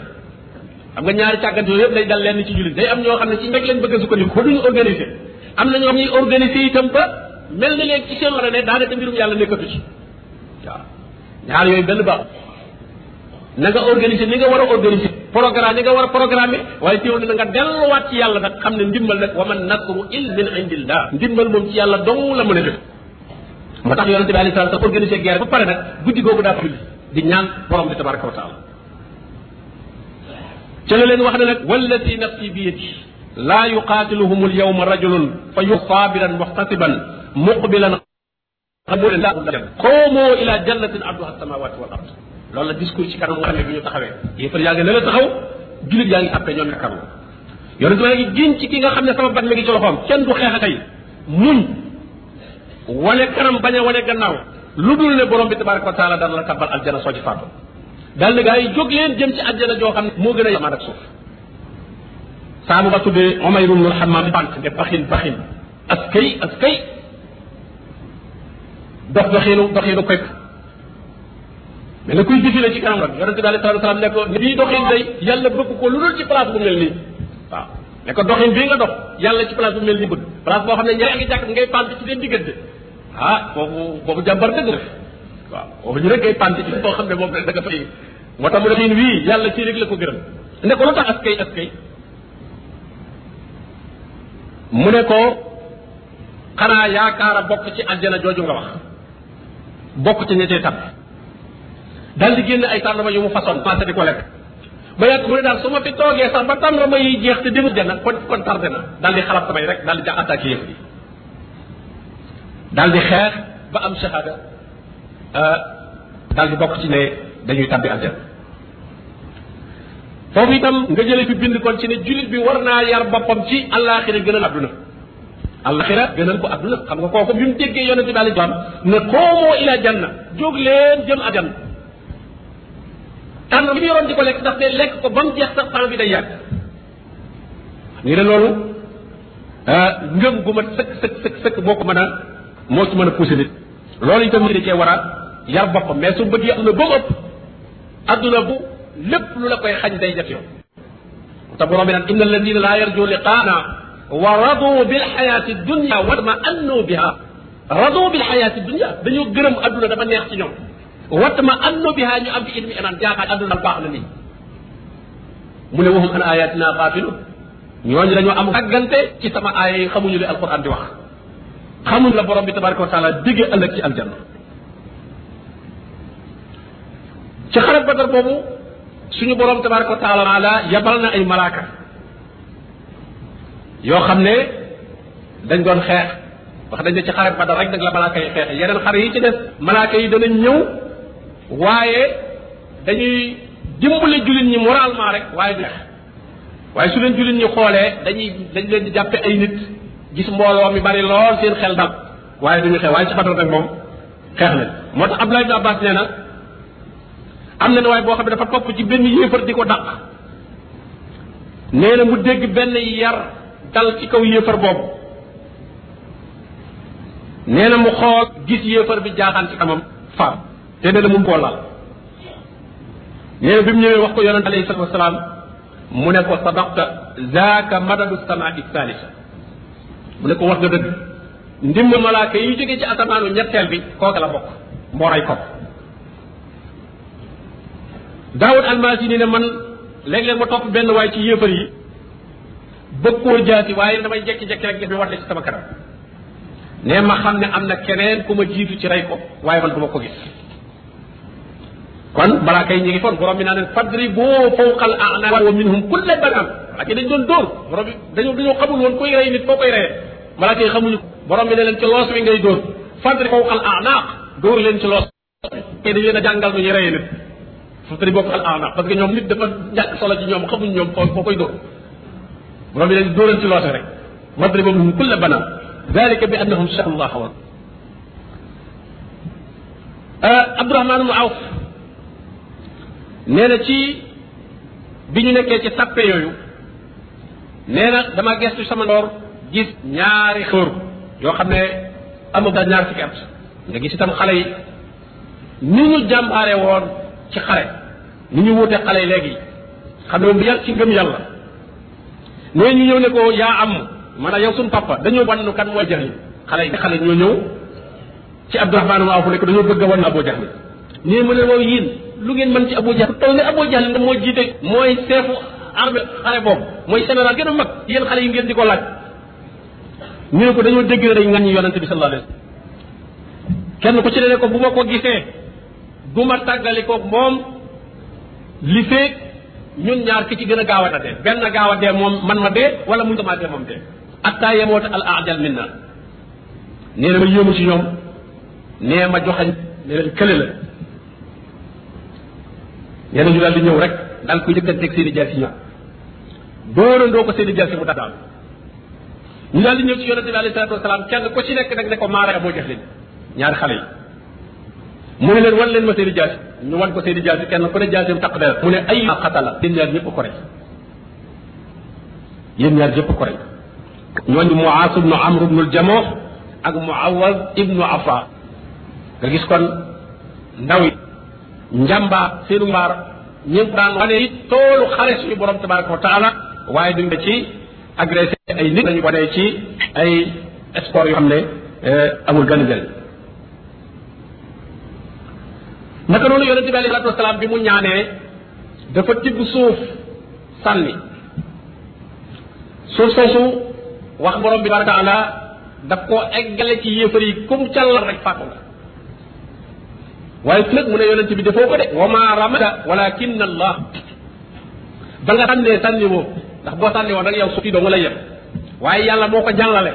xam nga ñaari càggante loolu yëpp day dal lenn ci jullit day am ñoo xam ne ci mbég lañ bëgg a sukkandiku ba duñu organiser am na ñoo ñuy organiser itam ba mel na léegi ci seen war a ne daanaka mbirum yàlla nekkatu ci waaw ñaar yooyu benn baax na nga organiser ni nga war a organiser programme ni nga war a programmer waaye teew na nga delluwaat ci yàlla nag xam ne ndimbal nag wa man nasru il min indillah ndimbal moom ci yàlla dong la mën a moo tax yonente bi alei salatu sax organiser ba pare nag guddi googu daa julli di ñaan borom bi ca la leen wax ne nag wallati nafsi bi yadi laa yuqaatiluhum al yawma rajulun fa yu saabiran muxtasiban muqbilan qoomoo ila jannatin arduha as-samaawaati wal ard loolu la discours ci kanam xam ne bi ñu taxawee yéefar yaa ngi la taxaw jullit yaa ngi àppe ñoom yakarlu yonent maa ngi giñ ci ki nga xam ne sama bat mi ngi ci loxoom kenn du xeex a tey muñ wane kanam bañ a wane gannaaw lu dul ne borom bi tabaraka wa taala dana la tabal aljana soo ci faatu dal na gaa yi jóg leen jëm ci àjjana joo xam ne moo gën a yamaan ak suuf saabu ba tuddee Umayr ibn al-Hammam bant ne baxin baxin askay askay dox doxiinu doxiinu pepp mais la kuy défilé ci kanam rek yonente bi alayhi salaam ne ko bii doxin day yàlla bëgg ko lu dul ci place bu mel nii waaw ne ko doxin bii nga dox yàlla ci place bu mel nii bëgg place boo xam ne ñaari ngi jàkk ngay pant ci seen diggante ah kooku kooku jàmbar dëgg waaw waxuñu rek ngay pànt ci boo xam ne moom rek da nga fay moo tax mu ne xiin wii yàlla ci rek la ko gërëm ne ko lu tax askay askay mu ne ko xanaa yaakaara bokk ci àjjana jooju nga wax bokk ci ñettee tab daal di génn ay tàndarma yu mu façon passé di ko lekk ba yàgg mu ne daal su ma fi toogee sax ba tàndarma yi jeex te demut jana kon kon tardé na daal di xalaat samay rek daal di ja attaqué yëf bi daal di xeex ba am shahada Euh, daal di bokk ci ne dañuy tàbbi aljana foofu tam nga jële fi bind kon ci ne jullit bi war naa yar boppam ci àllaaxira gënal adduna àllaaxira gënal ko adduna xam nga kooku bi mu déggee yonent bi alayhi salaam ne koomoo ila janna jóg leen jëm aljana tànn bi ñu yoroon di ko lekk ndax de lekk ko ba mu jeex sax temps bi day yàgg ngi ne loolu euh, ngëm gu ma sëkk sëkk sëkk moo ko mën a moo ci mën a poussé nit loolu itam ni da cee war yar boppam mais su bëggee adduna ba ëpp adduna bu lépp lu la koy xañ day jot yow te borom bi naan inna alladina laa yarju liqaana wa radu bil xayaati dunia wa tma annu biha radu bil xayaati dunia dañoo gërëm adduna dafa neex ci ñoom wa tma annu biha ñu am ci ilmi inaan jaaxaat adduna daal baax na nii mu ne waxum an ayatina xaafilu ñooñu dañoo am xàggante ci sama aaya yi xamuñu li alquran di wax xamuñu la borom bi tabaraka wa taala digge ëllëg ci aljanna ci xarab badar boobu suñu boroom tabaraka wa taala yabal na ay malaaka yoo xam ne dañ doon xeex wax dañ ne ci xarab badar rek nag la malaaka yi xeex yeneen xare yi ci des malaaka yi danañ ñëw waaye dañuy dimbale jullit ñi moralement rek waaye du waaye su leen jullit ñi xoolee dañuy dañ leen di jàppe ay nit gis mbooloo mi bari lool seen xel dal waaye ñu xeex waaye ci badar nag moom xeex na moo tax Abdullah ibn Abbas nee na am na ne waaye boo xam ne dafa topp ci benn yéefar di ko dàq nee na mu dégg benn yar dal ci kaw yéefar boobu neena na mu xool gis yéefar bi jaaxaan ci kanamam faam te nee na mu koo laal nee bi mu ñëwee wax ko yonent alayhi salatu wasalaam mu ne ko sadaqta zaaka madadu samaati salisa mu ne ko wax nga dëgg ndimm malaaka yi jóge ci asamaanu ñetteel bi kooka la bokk mbooray kopp daawud almasini ne man léeg-léeg ma topp benn waay ci yéefar yi bëgg koo jaati waaye damay jekki-jekki rek dafay watte ci sama kanam ne ma xam ne am na keneen ku ma jiitu ci rey ko waaye man du ma ko gis kon balaa kay ñi ngi foon borom bi naa leen fadribu fawqa al a'naq wa minhum kulla banaan balaa kay dañ doon dóor borom bi dañoo dañoo xamul woon kuy rey nit foo koy xamuñu borom bi ne leen ci loos wi ngay dóor fadribu fawqa al a'naq dóor leen ci loos kay dañ leen a jàngal nu ñu te di bokk al ana parce que ñoom nit dafa ñàkk solo ci ñoom xamuñ ñoom foo foo koy dóor borom bi dañ dóoral ci loote rek wadribuhum kulla banaan dalika bi annahum shaqqu llaha wa euh, Abdurahman ibnu Awf nee na ci bi ñu nekkee ci sàppe yooyu nee na dama gestu sama ndoor gis ñaari xóor yoo xam ne amul daal ñaar fukki at nga gis itam xale yi ni ñu jàmbaare woon ci xare ni ñu wuute xale yi léegi xam ne yar ci ngëm yàlla nee ñu ñëw ne ko yaa am maanaam yow suñ papa dañoo wan kan mooy jaxli xale yi xale ñoo ñëw ci Abdourahmaan Awf ne ko dañoo bëgg a wan Abu Jahl nii mu ne wow yéen lu ngeen mën ci Abu Jahl taw ne Abu Jahl mooy jiite mooy seefu armée xale boobu mooy général gën a mag yéen xale yi ngeen di ko laaj ñu ko dañoo dégg ne dañ ngañ ñi yonante bi sallallahu alayhi wasallam kenn ku ci ne ko bu ma ko gisee du ma tàggalikoo moom li feeg ñun ñaar ki ci gën a gaaw a dee benn gaaw a dee moom man ma dee wala mënut maa dee moom dee atta al ajal min na nee na ma yéemu ci ñoom nee ma joxañ ne leen kële la nee na ñu daal di ñëw rek daal ko yëkkanteeg seen i jal si ñoom dóorandoo ko seen i jal mu daal ñu daal di ñëw ci yonente bi alayhi salatu wasalaam kenn ku ci nekk nag ne ko maara moo jox leen ñaari xale yi mu ne leen wan leen ma seeni jaasi ñu wan ko seeni jaasi kenn ku ne jaasim mu ne ay xatala yéen ñaar ñëpp ko rey yéen ñaar ñëpp ko rey ñooñu Muaas ibnu Amr ibnu Jamuh ak Muawaz ibnu Afa nga gis kon ndaw yi njàmbaar seenu mbaar ñu daan wane it toolu xare suñu borom tabaraka wa taala waaye duñ ko ci agressé ay nit lañu wane ci ay sport yoo xam ne euh, amul gën naka noonu yonente bi alayhi salaatu wasalaam bi mu ñaanee dafa tibb suuf sànni suuf soosu wax borom bi tabaraka taala daf koo eggale ci yéefar yi kum càllar rek fàkku nga waaye nag mu ne yonente bi defoo ko de wa ma ramata walakin allah ba nga sànnee sànni woo ndax boo sànni woon rek yow suuf si dong la yem waaye yàlla moo ko jàllale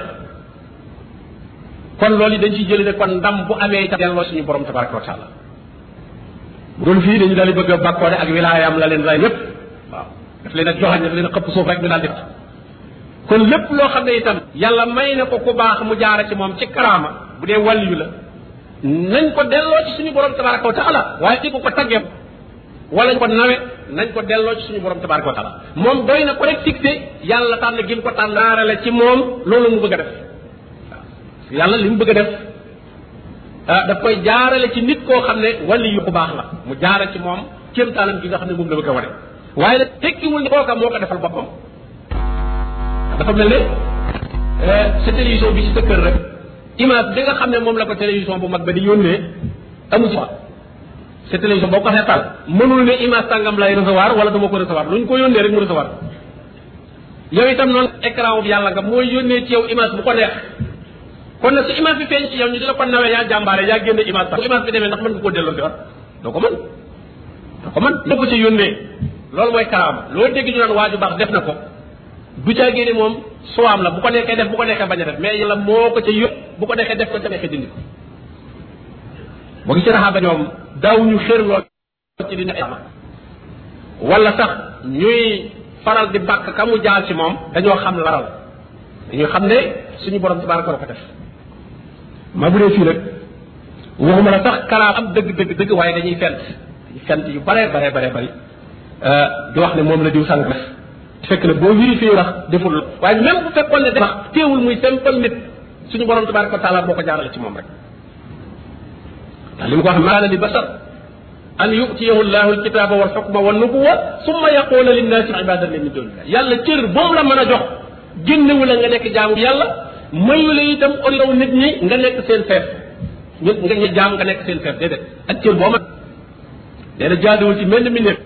kon loolu yi dañ ciy jëli ne kon ndam bu amee itam delloo suñu borom tabaraka wa taala bu doon fii dañu daal di bëgg a bàkkoone ak wilaayam la leen ray lépp waaw daf leen a joxañ daf leen a xëpp suuf rek ñu daal di kon lépp loo xam ne itam yàlla may na ko ku baax mu jaara ci moom ci karaama bu dee wàlliyu la nañ ko delloo ci suñu borom tabaraka wa taala waaye di ko ko taggeem wala ñu ko nañ ko delloo suñu borom tabaraka wa taala moom doy na ko rek fixé yàlla tànn gi mu ko tànn la ci moom loolu mu bëgg a def waaw yàlla li mu bëgg a def Ah, daf koy jaarale ci nit koo xam ne wàlli yu ku baax la mu jaara ci moom kéemtaanam bi nga xam ne moom la bëgg a wane waaye nag tekkiwul koo kooka moo ko defal boppam dafa mel ne eh, sa télévision bi ci sa kër rek image bi nga xam ne moom la ko télévision bu mag ba di yónnee amu ci sa télévision boo ko seetaan mënul ne image tàngam lay recevoir wala dama ko recevoir lu ñu ko yónnee rek mu recevoir yow itam noonu écran bi yàlla nga mooy yónnee ci yow bu ko neex kon nag su image bi feeñ ci yow ñu di la ko nawee yaa jàmbaare yaa génne image sax su image bi demee ndax mën nga koo delloo fi wat doo ko mën doo ko mën la ko ci yónnee loolu mooy karaama loo dégg ñu naan waaju baax def na ko du caa génne moom suwaam la bu ko nekkee def bu ko nekkee bañ a def mais yàlla moo ko ca yóbbu bu ko nekkee def ko ca nekkee dindi ko boo gisee saxaaba ñoom daaw ñu xër lool ci sax ñuy faral di bàkk ka mu jaar ci moom dañoo xam laral dañoo xam ne suñu borom tabaraka ko maa bu dee fii nag waxuma la sax kalaam am dëgg dëgg dëgg waaye dañuy fent dañuy fent yu bare bare bare bëri euh, di wax ne moom la diw sang def fekk na boo vérifié wax deful waaye même bu fekkoon ne def teewul muy simple nit suñu borom tabaraka wa taala boo ko jaarale ci moom rek ndax li mu ko wax maana li basar an yutiyahu llahu alkitaba wal xukma wa nubuwa summa yaqula li ibadan min dunilah yàlla cër boobu la mën a jox génnewu la nga nekk jaamu yàlla mayu la itam oriyow nit ñi nga nekk seen feef nga nga nekk seen feef déedéet ak cër boo ma de na jaaduwul ci mel mi nekk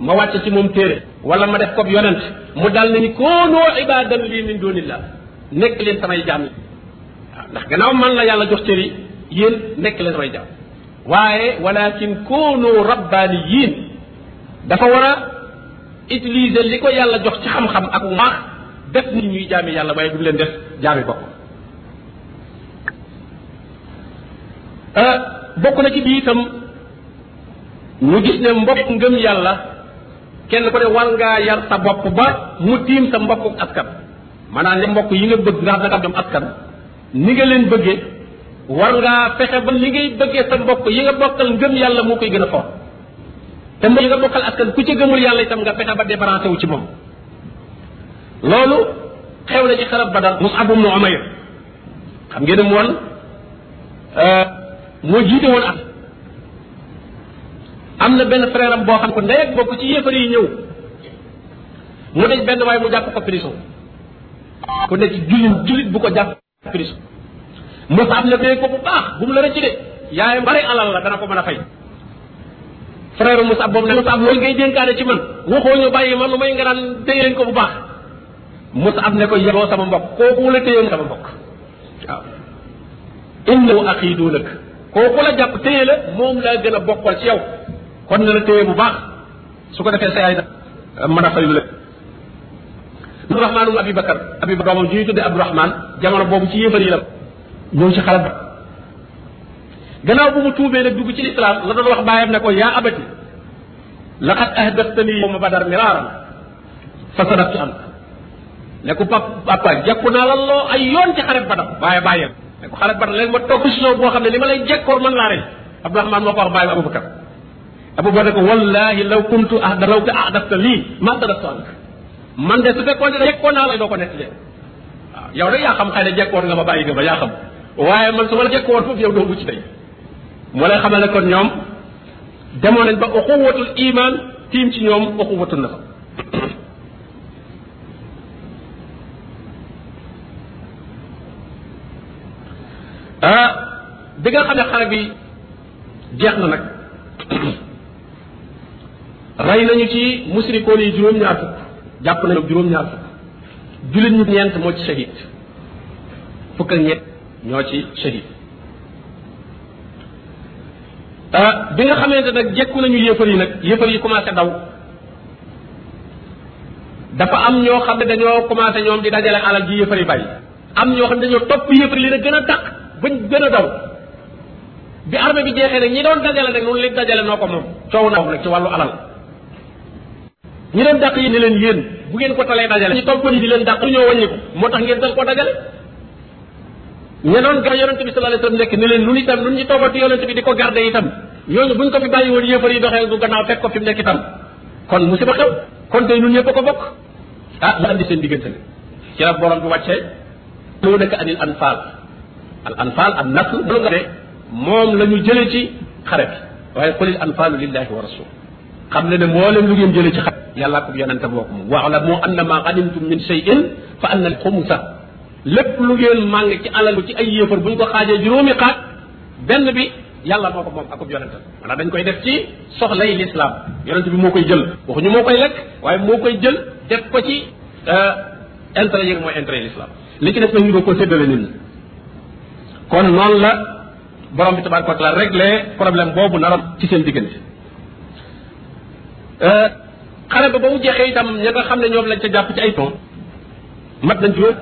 ma wàcce ci moom téere wala ma def ko yonent mu dal nañu koonoo ibadan lii min dunillah nekk leen samay jaam yi waaw ndax gannaaw man la yàlla jox cër yi yéen nekk leen samay jaam waaye walakin koonoo rabbaniyin dafa war a utiliser li ko yàlla jox ci xam-xam ak waax def nit ñuy jaami yàlla waaye du leen def jaami boppam euh, bokk na ci bii tam ñu gis ne mbokk ngëm yàlla kenn ko ne war ngaa yar sa bopp ba mu tiim sa mbokku askan maanaam li mbokk yi nga bëgg nga xam ne ñoom askan ni nga leen bëggee war ngaa fexe ba li ngay bëggee sa mbokk yi nga bokkal ngëm yàlla moo koy gën a fort te mbokk yi nga bokkal askan ku ci gëmul yàlla tam nga fexe ba débranché wu ci moom loolu xew la ci xarab badar Mus'ab ibn Umayr xam ngeen ne woon euh, moo jiite woon at am na benn frère am boo xam ko ndey ak bokk ci yéefar yi ñëw mu daj benn waaye mu jàpp ko prison ku nekk jullit jullit bu ko jàpp prison Mus'ab ne ko bu baax bu mu la rëcc de yaayam bari alal la dana ko mën a fay frère Mus'ab boobu ne Mus'ab loolu ngay dénkaane ci man waxoo ñu bàyyi ma lu may nga daan déy ko bu baax Mus'ab ne ko yeboo sama mbokk kooku la téye sama mbokk waaw innahu axii duulak kooku la jàpp téye la moom laa a bokkal ci yow kon na la bu baax su ko defee sa yaay da mën a fay lu lépp Abdourahmaan um Abi Bakar Abi Bakar doomam ji ñuy tuddee Abdourahmaan jamono boobu ci yéefar yi la ñëw ci xalaat ba gannaaw bu mu tuubee nag dugg ci lislaam la doon wax baayam ne ko yaa abati laqad ahdastani yawma badar miraaran fa sadaqtu anka ne ko papa jekku naa la loo ay yoon ci xaret badar waaye bàyyeel ne ko xaret badar leen ma toog si boo xam ne li ma lay jekkoor man laa rey Abdourahmane moo ko wax bàyyi Aboubacar Aboubacar ne ko wallahi law kuntu ahda law te ahdafta lii ma tadafta man de su fekkoon ne jekkoo naa la doo ko nettali waaw yow de yaa xam xëy na jekkoor nga ma bàyyi nga ma yaa waaye man su ma la jekkoor foofu yow doo mucc tey moo lay xamal ne kon ñoom demoon nañ ba uxuwatul iman tiim ci ñoom uxuwatul nafa ah bi nga xam xare bi jeex na nag rey nañu ci musrikoon yi juróom-ñaar fukk jàpp nañu juróom-ñaar fukk jullit ñu ñeent moo ci shahid fukk ak ñoo ci shahid ah, bi nga xamante nag jekku nañu yëfar yi nag yëfar yi commencé daw dafa am ñoo xam ne dañoo commencé ñoom di dajale alal ji yëfar yi bari am ñoo xam ne dañoo topp yëfar yi li na gën a dàq bañ gën a daw bi armée bi jeexee nag ñi doon dajale nag noonu leen dajale noo ko moom coow naaw nag ci wàllu alal ñi leen dàq yi ni leen yéen bu ngeen ko talee dajale ñu topp ni di leen dàq ñoo wàññi ko moo tax ngeen dal ko dajale ñe doon gar yonente bi sallallahu alayhi wasallam nekk ni leen lu itam nun ñu toobati yonente bi di ko garde itam ñooñu buñ ko fi bàyyi woon yéefar yi doxee du gannaaw fekk ko fi mu nekk itam kon musiba xew kon tey nun ñëpp ko bokk ah la andi seen diggante ci la borom bi wàccee loo nekk anil anfaal al an nasl loolu nga ne moom la ñu jëlee ci xare bi waaye qulil anfaalu lillahi wa rasul xam ne ne mboolem lu ngeen jëlee ci xare yàllaa ko yonente boo ko moom wa'lamu anna ma ganimtum min shay'in fa anna al-khumsa lépp lu ngeen màng ci alal ci ay yéefar bu ñu ko xaajee juróomi xaaj benn bi yàlla moo ko moom akub yonentam maanaam dañ koy def ci soxlay lislaam yonent bi moo koy jël waxuñu moo koy lekk waaye moo koy jël def ko ci euh, intérêt yi mooy intérêt lislaam li ci def nag ñu ko séddale nit ñi kon noonu la borom bi tabaraka wa taala réglé problème boobu naroon ci seen diggante euh, xare ba ba mu jeexee itam ña xam ne lañ ca jàpp ci ay ton mat nañ juróom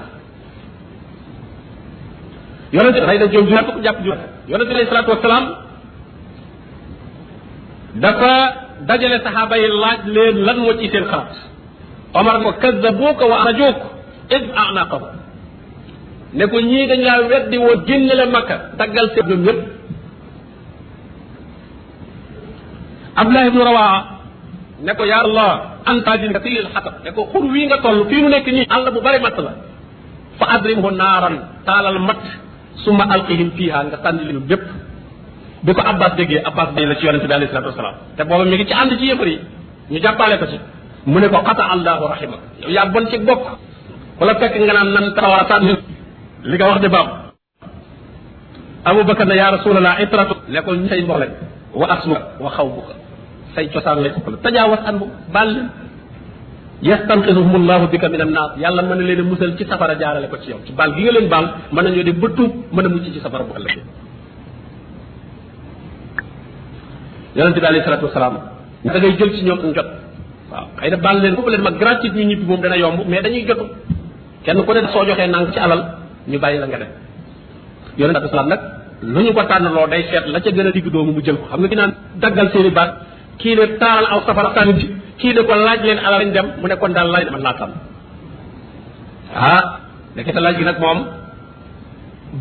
yonente rey nañ juróom juróom ko la juróom yonente alayhi salaatu dafa dajale saxaaba yi lan moo ci seen xalaat omar ko kazabuuka wa arajuuk id anaqahu ne ko ñii dañ laa weddi woo génn la makka taggal seen ñoom ñëpp abdullah ibnu rawaa ne ko yaa allah antajin katil xatab ne ko xur wii nga toll fii mu nekk nii àll bu bari matt la fa adrimhu naaran taalal matt summa alqihim fiiha nga sànni leen bépp bi ko abbas déggee abbas day la ci yonente bi alayhi salatu te booba mi ngi ci ànd ci yëfar yi ñu ko ci mu ne ko xata allahu rahimak yow yaa bon ci wala fekk nga naan nan tawara li nga wax de baax Abu Bakar ne yaa rasulallah itratu ne ko ñu say mboole wa asluka wa xawbuka say cosaan lay soxla tajaawas an bu baal leen yastanqisuhum llahu bika min annaar yàlla mën na leen a musal ci safara jaarale ko ci yow ci baal gi nga leen baal mën nañoo dem ba tuub mën a mucc ci safara bu ëllëgee yonente bi alayhi salatu wasalaam da ngay jël ci ñoom ak jot waaw xëy na baal leen foofu leen ma gratuite ñu ñibbi moom dana yomb mais dañuy jotu kenn ku ne soo joxee nang ci alal ñu bàyyi la nga dem yonent bi salaam nag lu ñu ko tànnaloo day seet la ca gën a digg doomu mu jël ko xam nga gi naan daggal seeni baat kii ne taaral aw safara tànn ci kii ne ko laaj leen alal lañ dem mu ne kon daal laaj man naa tànn ah nekkete laaj gi nag moom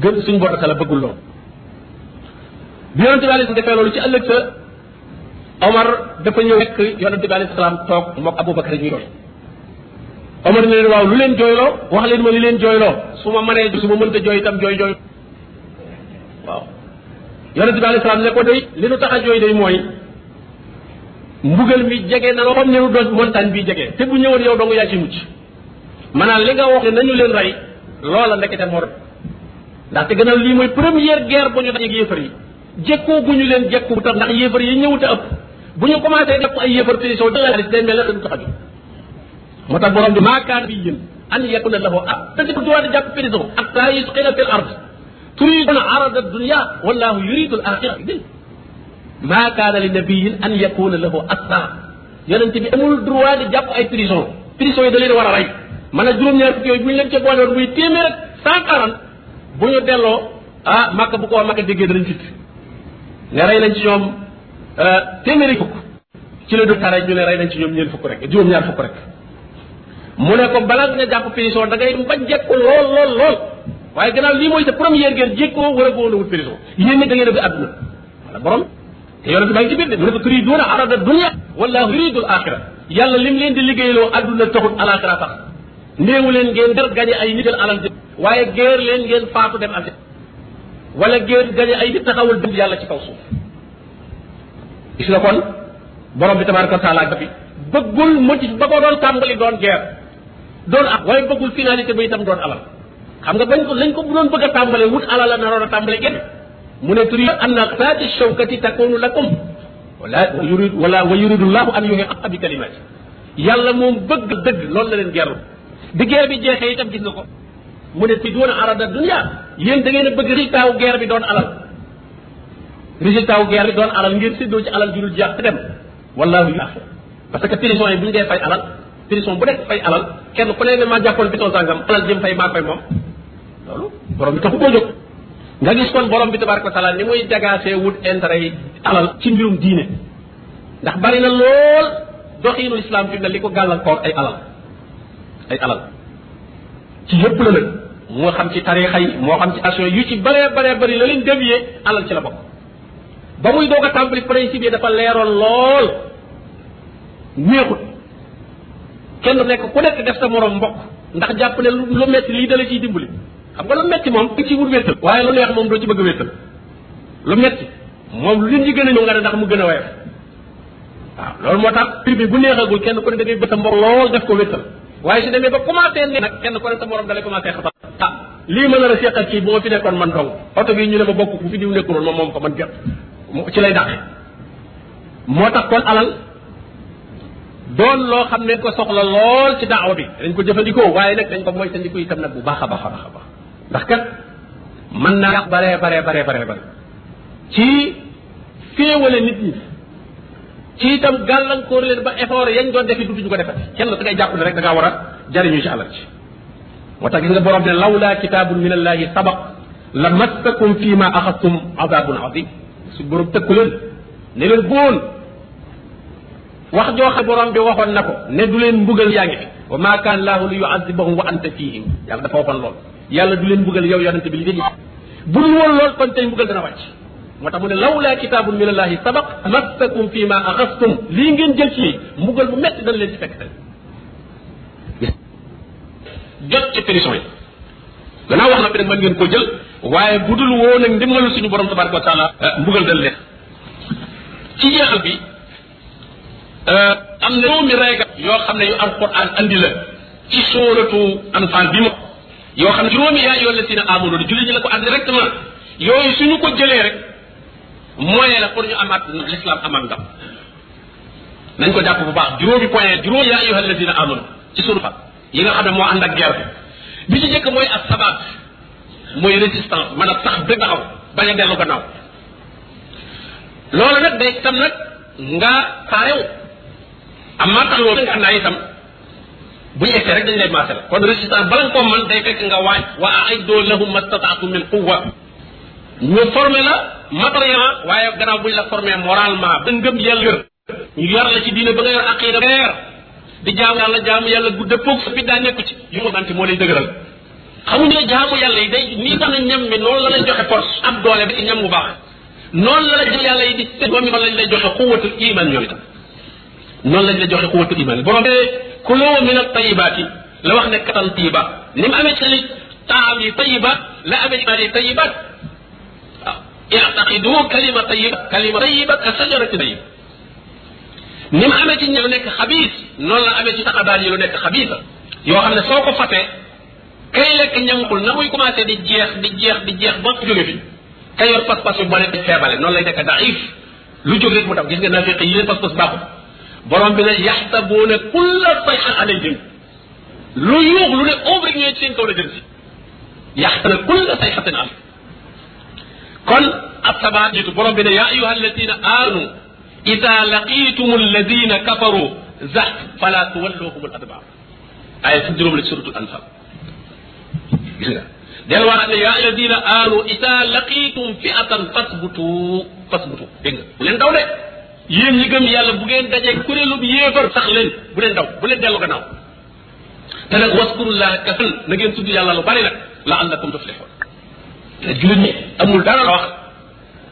gën suñ bortaka la bëggul lool bi yonente bi alei salam defee loolu ci ëllëg sa Omar dafa ñëw rekk yonente bi alei salaam toog mook Aboubacar ñuy jooy Omar ne leen waaw lu leen jooyloo wax leen ma li leen jooyloo su ma mënee su ma mënta jooy itam jooy jooy waaw yonente bi alayhi salaam ne ko day li nu tax a jooy day mooy mbugal mi jege na comme ni nu doon montagne bi jege te bu ñëwoon yow dong yaa ci mucc maanaam li nga wax ne nañu leen rey loola ndekete moo doon ndaxte gënal lii mooy première guerre bu ñu dajeeg yéefar yi jekkoo bu ñu leen jekku bu tax ndax yéefar yi ñëwute ëpp bu ñu commencé def ay yéefar position day mel ne dañu tax a jóg moo tax borom bi an yakuna lahu ah te di ko droit de jàpp prison ak taa yusqina fil ard turiduna arada dunia wallahu yuridu al axira dégg maa kaana li nabiyin an yakuna lahu asra yonente bi amul droit de jàpp ay prison prison yi da leen war a rey man a juróom-ñaar fukki yooyu bu ñu leen ca boole woon muy téeméer ak cent quarante bu ñu delloo ah makka bu ko waa makka déggee danañ fit ne rey nañ ci ñoom euh, téeméeri fukk ci la du tare ñu ne rey nañ ci ñoom ñeen fukk rek juróom-ñaar fukk rek mu ne ko balaa nga jàpp prison da ngay bañ jekku lool lool waaye gannaaw lii mooy sa première guerre jekkoo war a góor wut prison yéen nag da ngeen a bi àdduna wala borom te yonent baa ngi ci biir de mu ne ko turiduuna arada dunia wallahu yuridul axira yàlla lim leen di liggéeyloo àdduna taxut alaxira tax néewu leen ngeen der gañe ay nital alal waaye géer leen ngeen faatu dem aljanna wala géer gañe ay nit taxawul dem yàlla ci kaw suuf gis nga kon borom bi tabaraka wa taala bëggul mu ci ba ko doon tàmbali doon guerre doon am waaye bëggul finalité ba itam doon alal xam nga bañ ko lañ ko bu doon bëgg a tàmbalee wut alal la naroon a tàmbalee genn mu ne turi an na saati shawkati takunu lakum wala yurid wala wa yuridullahu an yuhi aqqa bi kalimati yàlla moom bëgg dëgg loolu la leen gerlu bi guerre bi jeexee itam gis na ko mu ne tidduuna arada dunya yéen da geen a bëgg résultat wu guerre bi doon alal résultat wu guerre bi doon alal ngir séddoo ci alal ju dul jeex te dem wallahu yu parce que prison yi bu ñu dee fay alal prison bu nekk fay alal kenn ku ne ne maa jàppoon biton sàngam alal jëm fay maa koy moom loolu bi taxu koo jóg nga gis kon borom bi tabaraka wa taala ni muy jagaasee wut intérêt yi alal ci mbirum diine ndax bari na lool doxiinu islam fi mu ne li ko gàllankoor ay alal ay alal ci yëpp la nag moo xam ci tarixa yi moo xam ci assure yu ci bëree bëree bari la leen dévier alal ci la bokk ba muy doog a tàmbali principe yi dafa leeroon lool neexut kenn nekk ku nekk def sa morom mbokk ndax jàpp ne lu metti lii dala ciy dimbali xam nga lu metti moom danga ciy waaye lu neex moom doo ci bëgg wéttal lu metti moom lu nit gën a ñëw nga ne ndax mu gën a woyof waaw loolu moo tax mbir bu neexagul kenn ku ne da ngay bëgg sa ko wéttal waaye su demee ba commencé ne nag kenn ku ne sa morom dalay commencé xatal ah lii ma nar a seqal kii bu ma fi nekkoon man dong oto bi ñu ne ma bokk bu fi diw nekkuloon moom moom ko man jot ci lay dàqe moo tax kon alal doon loo xam ne ko soxla lool ci daaw bi dañ ko jëfandikoo waaye nag dañ ko moytandiku itam nag bu baax a baax a baax a baax ndax kat mën naa yàq baree baree baree baree bare ci féewale nit ñi ci gàllankoor leen ba effort yañ doon defi dutuñu ko defati kenn da ngay jàpp ne rek da ngaa war a jariñu ci alal ci moo tax gis nga borom ne lawlaa kitaabun min allaahi sabaq la massakum fii ma axastum azabun azim su borom tëkku leen ne leen boon wax joo xam borom bi waxoon na ko ne du leen mbugal yaa ngi fi wa maa kaan laahu li yuazibahum wa anta fiihim yàlla dafa waxoon lool yàlla du leen mbugal yow yonente bi li ngeen bu dul woon lool kon tey moo tax mu ne lawlaa kitaabun min allaahi sabaq massakum fii ma lii ngeen jël ci mbugal bu metti dana leen ci fekk jot ci prison wax na bi nag mën ngeen koo jël waaye bu dul woon ak ndimbalu suñu boroom tabaraka wa taala eh, mbugal dana leen ci jeexal bi Euh, am na juróomi reegal yoo xam ne yu alquran andi la ci sóoratu anfal bi ma yoo xam ne juróomi yaa yoo la si di julli ji la ko andi directement yooyu suñu ko jëlee rek moyen la pour ñu amaat l'islam amaat ndam nañ ko jàpp bu baax juróomi point juróomi yaa yoo la si na amono ci sóoratu yi nga xam ne moo ànd ak guerre bi ci njëkk mooy ak sabaat mooy résistance mën a sax ba taxaw bañ a dellu gannaaw loolu nag day tam nag nga paarew am maa tax loolu nga àndaa itam bu ñu egsee rek dañ lay maasal kon résistance bala nga koo mën day fekk nga waaj wa a'iddu lahum mastata'tum min quwwa ñu formé la matériellement waaye gannaaw buñ la formé moralement ba ngëm yàlla gër ñu yar la ci diine ba nga yor aqida leer di jaamu yàlla jaamu yàlla gu dëppoog sa fit daa ci yu ma dante moo lay dëgëral xamuñu ne jaamu yàlla yi day nii tax na ñam mi noonu la lay joxe force am doole ba ci ñam bu baax noonu la la jël yàlla yi di seen doomi noonu lañ lay joxe quwwatul iman ñoom itam noonu lañ la joxe quwwatul iman borom bee kulu min at-tayyibaati la wax ne katan tayyiba ni mu amee ci taam yi tayyiba la amee iman yi tayyiba waaw ya'taqidu kalima tayyiba kalima tayyiba ka sajarati tayyiba ni mu amee ci ña lu nekk xabiis noonu la amee ci taxabaan yi lu nekk xabiisa yoo xam ne soo ko fatee kay lekk ñamul na muy commencé di jeex di jeex di jeex ba jóge fi kay yor pas-pas yu bone feebale noonu lay nekk daif lu jóg rek mu tax gis nga nafiq yi leen pas-pas baaxul borom bi ne yaxsabuuna kulla sayxin alayhim lu yuux lu ne ombre ñooy ci seen kaw la jëm si yaxsana kulla sayxatin alayhim kon asabaat jiitu borom bi ne yaa ayuha alladina aamanu ida laqitum alladina kafaru zax fala tuwalluhum al adbaar aaya si juróom la suratul anfal gis nga del waxaat ne yaa alladina aamanu ida laqitum fiatan fasbutu fasbutu dégg nga bu leen daw de yéen ñi gëm yàlla bu ngeen dajee kuréelu yéefar sax leen bu leen daw bu leen dellu gannaaw te nag waskurullaha la na ngeen tudd yàlla lu bari la la allakum tuflihun te jullit ñi amul dara la wax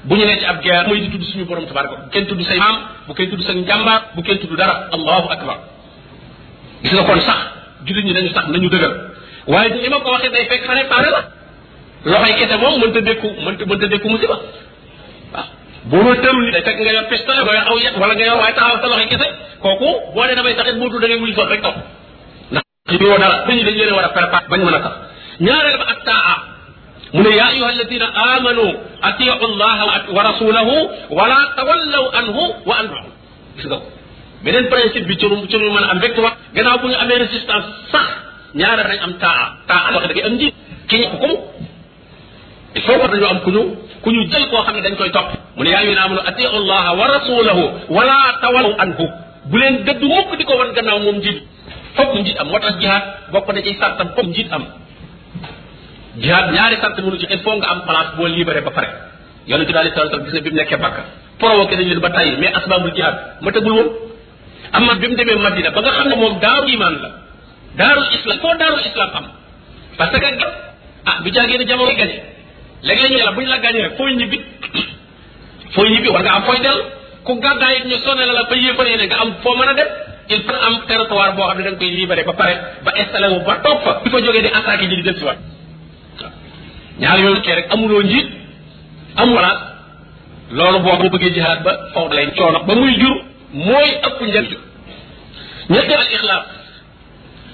bu ñu ne ci ab guerre mooy di tudd suñu borom tabaraka bu kenn tudd say maam bu kenn tudd sa njàmbaar bu kenn tudd dara allahu akbar gis nga kon sax jullit ñi nañu sax nañu dëgër waaye li ma ko waxee day fekk fa ne pare la loxoy kese moom mënta dékku mënta mënta dékku musiba bu ma tëm day fekk nga yor pistolet nga yor aw yet wala nga yor waaye taxaw sa loxo kese kooku boo dee damay taxit muutul da ngay mujj sol rek topp ndax ñu woo dara dañu dañ leen war a préparé bañ mën a tax ñaareel ba ak taa mu ne yaa ayuha alladina amanu atiu allaha wa rasulahu wala tawallaw anhu wa antum gis nga ko beneen principe bi ci ci ñu mën am rek wax gannaaw bu ñu amee résistance sax ñaareel dañ am taa taa wax dëgg am njiit ki ñëpp ko il faut war nañu am ku ñu ñu jël koo xam ne dañ koy topp mu ne yaa ngi naan atiu allaha wa rasulahu wala tawalu anhu bu leen dëddu mukk di ko wan gannaaw moom njiit fokk njiit am moo tax jihaad bokk na ci sartam am jihaad ñaari sart mënu am place boo libéré ba pare yonent bi alei salatu bi mu nekkee Makka provoqué nañ leen ba tàyyi mais asbaabul jihaad ma tëgul woon amma bi mu demee Madina ba nga xam ne moom daaru iman la daaru islam foo daaru islam am parce que ah du jaagee ne jamono gañe léeg-léeg ñu bu ñu la gaañee rek fooy ñibbi fooy ñibbi wax nga am fooy del ku gàddaay it ñu sonné la la ba yéefaree nga am foo mën a def il faut am territoire boo xam ne da nga koy libéré ba pare ba installé wu ba toog fa. bi fa jógee di attaqué ji di dem si waat ñaar yoonu kee rek amuloo njiit amul walaat loolu boo ko bëggee jihaad ba faw da lay coono ba muy jur mooy ëpp njëriñ ñetteel al ixlaas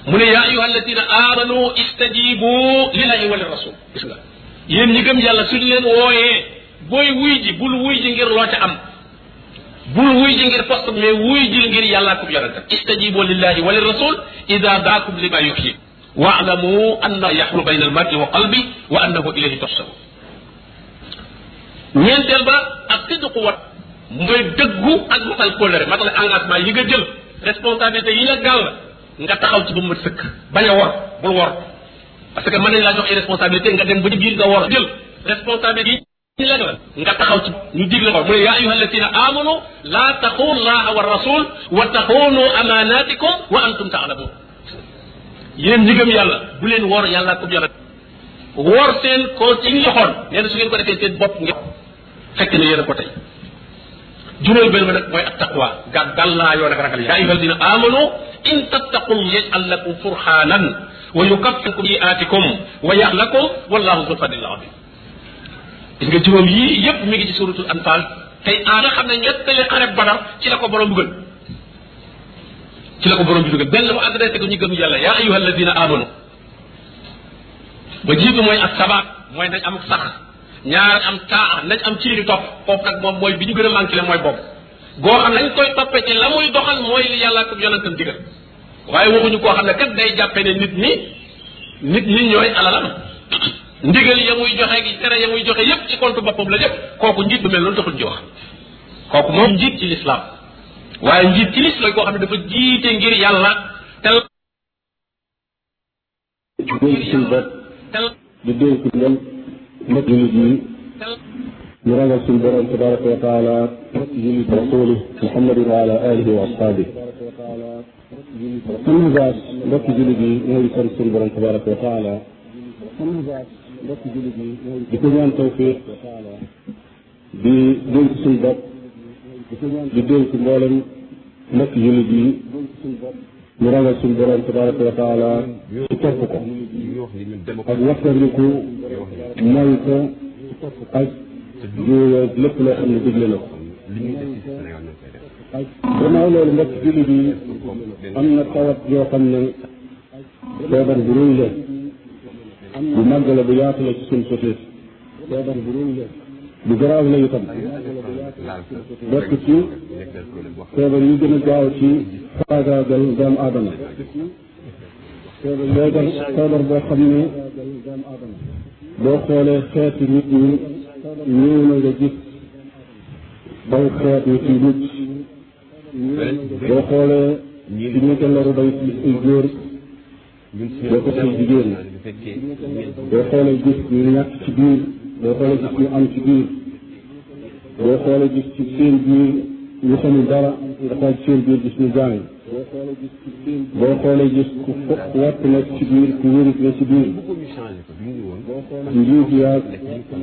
mu ne yaa ayuha alladina amanu istajibu lillahi wa lirasul gis yéen ñi gëm yàlla suñ leen wooyee booy wuy ji bul wuy ji ngir loo ca am bul wuy ji ngir poste mais wuy ji ngir yàllaa kub yonentam istajibu lillahi wa lirasul ida daakum lima yuxyi waalamu anna yaxlu bayna almar'i wa qalbi wa annahu ilayhi tuhsarun ñeenteel ba ak sidqu wat mooy dëggu ak matal kóllëre matal engagement yi nga jël responsabilité yi la gàll nga taxaw ci ba mu sëkk bañ a wor bul wor parce que mën nañ laa jox ay responsabilité nga dem ba ci biir nga war a jël responsabilité yi ñu la defal nga taxaw ci ñu digle ko mu ne yaa ayuha alladina amanu laa taxuu llaha wa rasul wa taxunu amanatikum wa antum taalamun yéen ñi gëm yàlla bu leen wor yàlla ko yonent wor seen compte yi ñu joxoon nee na su ngeen ko defee seen bopp ngeen fekk na yéen a ko tey juróom benn ba nag mooy ak taqwa gàddal laa yoon ak ragal yaa ayuha alladina amanu in tattaqu yajal lakum furxaanan wa yukaffiru sayi'aatikum wa yaxlakum wallahu zul fadlil azim gis nga juróom yii yépp mu ngi ci suratul anfal tey aana xam ne ñettali xareb badar ci la ko borom dugal ci la ko borom bi dugal benn mu adressé ko ñu gëm yàlla yaa ayyuha alladina amanu ba jiitu mooy ak sabaat mooy nañ am sax ñaar am taa nañ am ciiri topp foofu nag moom mooy bi ñu gën a manqué le mooy bopp goo xam nañ koy toppee la muy doxal mooy li yàlla ak yonentam digal waaye waxuñu koo xam ne kat day jàppe ne nit ñi nit ñi ñooy alalam ndigal ya joxe gi tere ya joxe yépp ci compte boppam la jëpp kooku njiit bu mel noonu taxul ñu wax kooku moom njiit ci lislaam waaye njiit ci lislaam koo xam ne dafa jiite ngir yàlla tel di dénk leen mbokk jullit yi ñu ragal suñu borom tabaraka wa taala jullit rasuli muhammadin wa ala alihi wa ashabihi amma ga mbokki jullit yi ñoo ngi sant suñu borom tabaraka wa taala di ko ñaan tawfiq di dénk suñu bopp di dénk mboolem mbokki jullit yi ñu ragal mooy ko ak lépp loo xam ne digle ko gannaaw loolu mbokk jullit yi am na tawat yoo xam ne feebar bu rëy la bu màgg la bu yaatu la ci suñ société feebar bu rëy la bu garaaw la itam bokk ci feebar yi gën a gaaw ci faagaagal doomu aadama feebar boo xam ne xoolee xeeti nit ñi ñëw na nga gis daw xeet ci mucc boo xoolee ci ñu ko naru bay ay góor boo ko ci jigéen boo ñu ñàkk ci biir boo xoolee gis ñu am ci biir boo xoolee gis ci seen biir ñu xamul dara ci seen biir gis ñu jàng boo xoolee gis ku fokk wàtt nekk ci na ci biir njiit yaa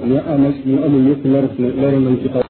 ñu am ak ñu amul yëpp laru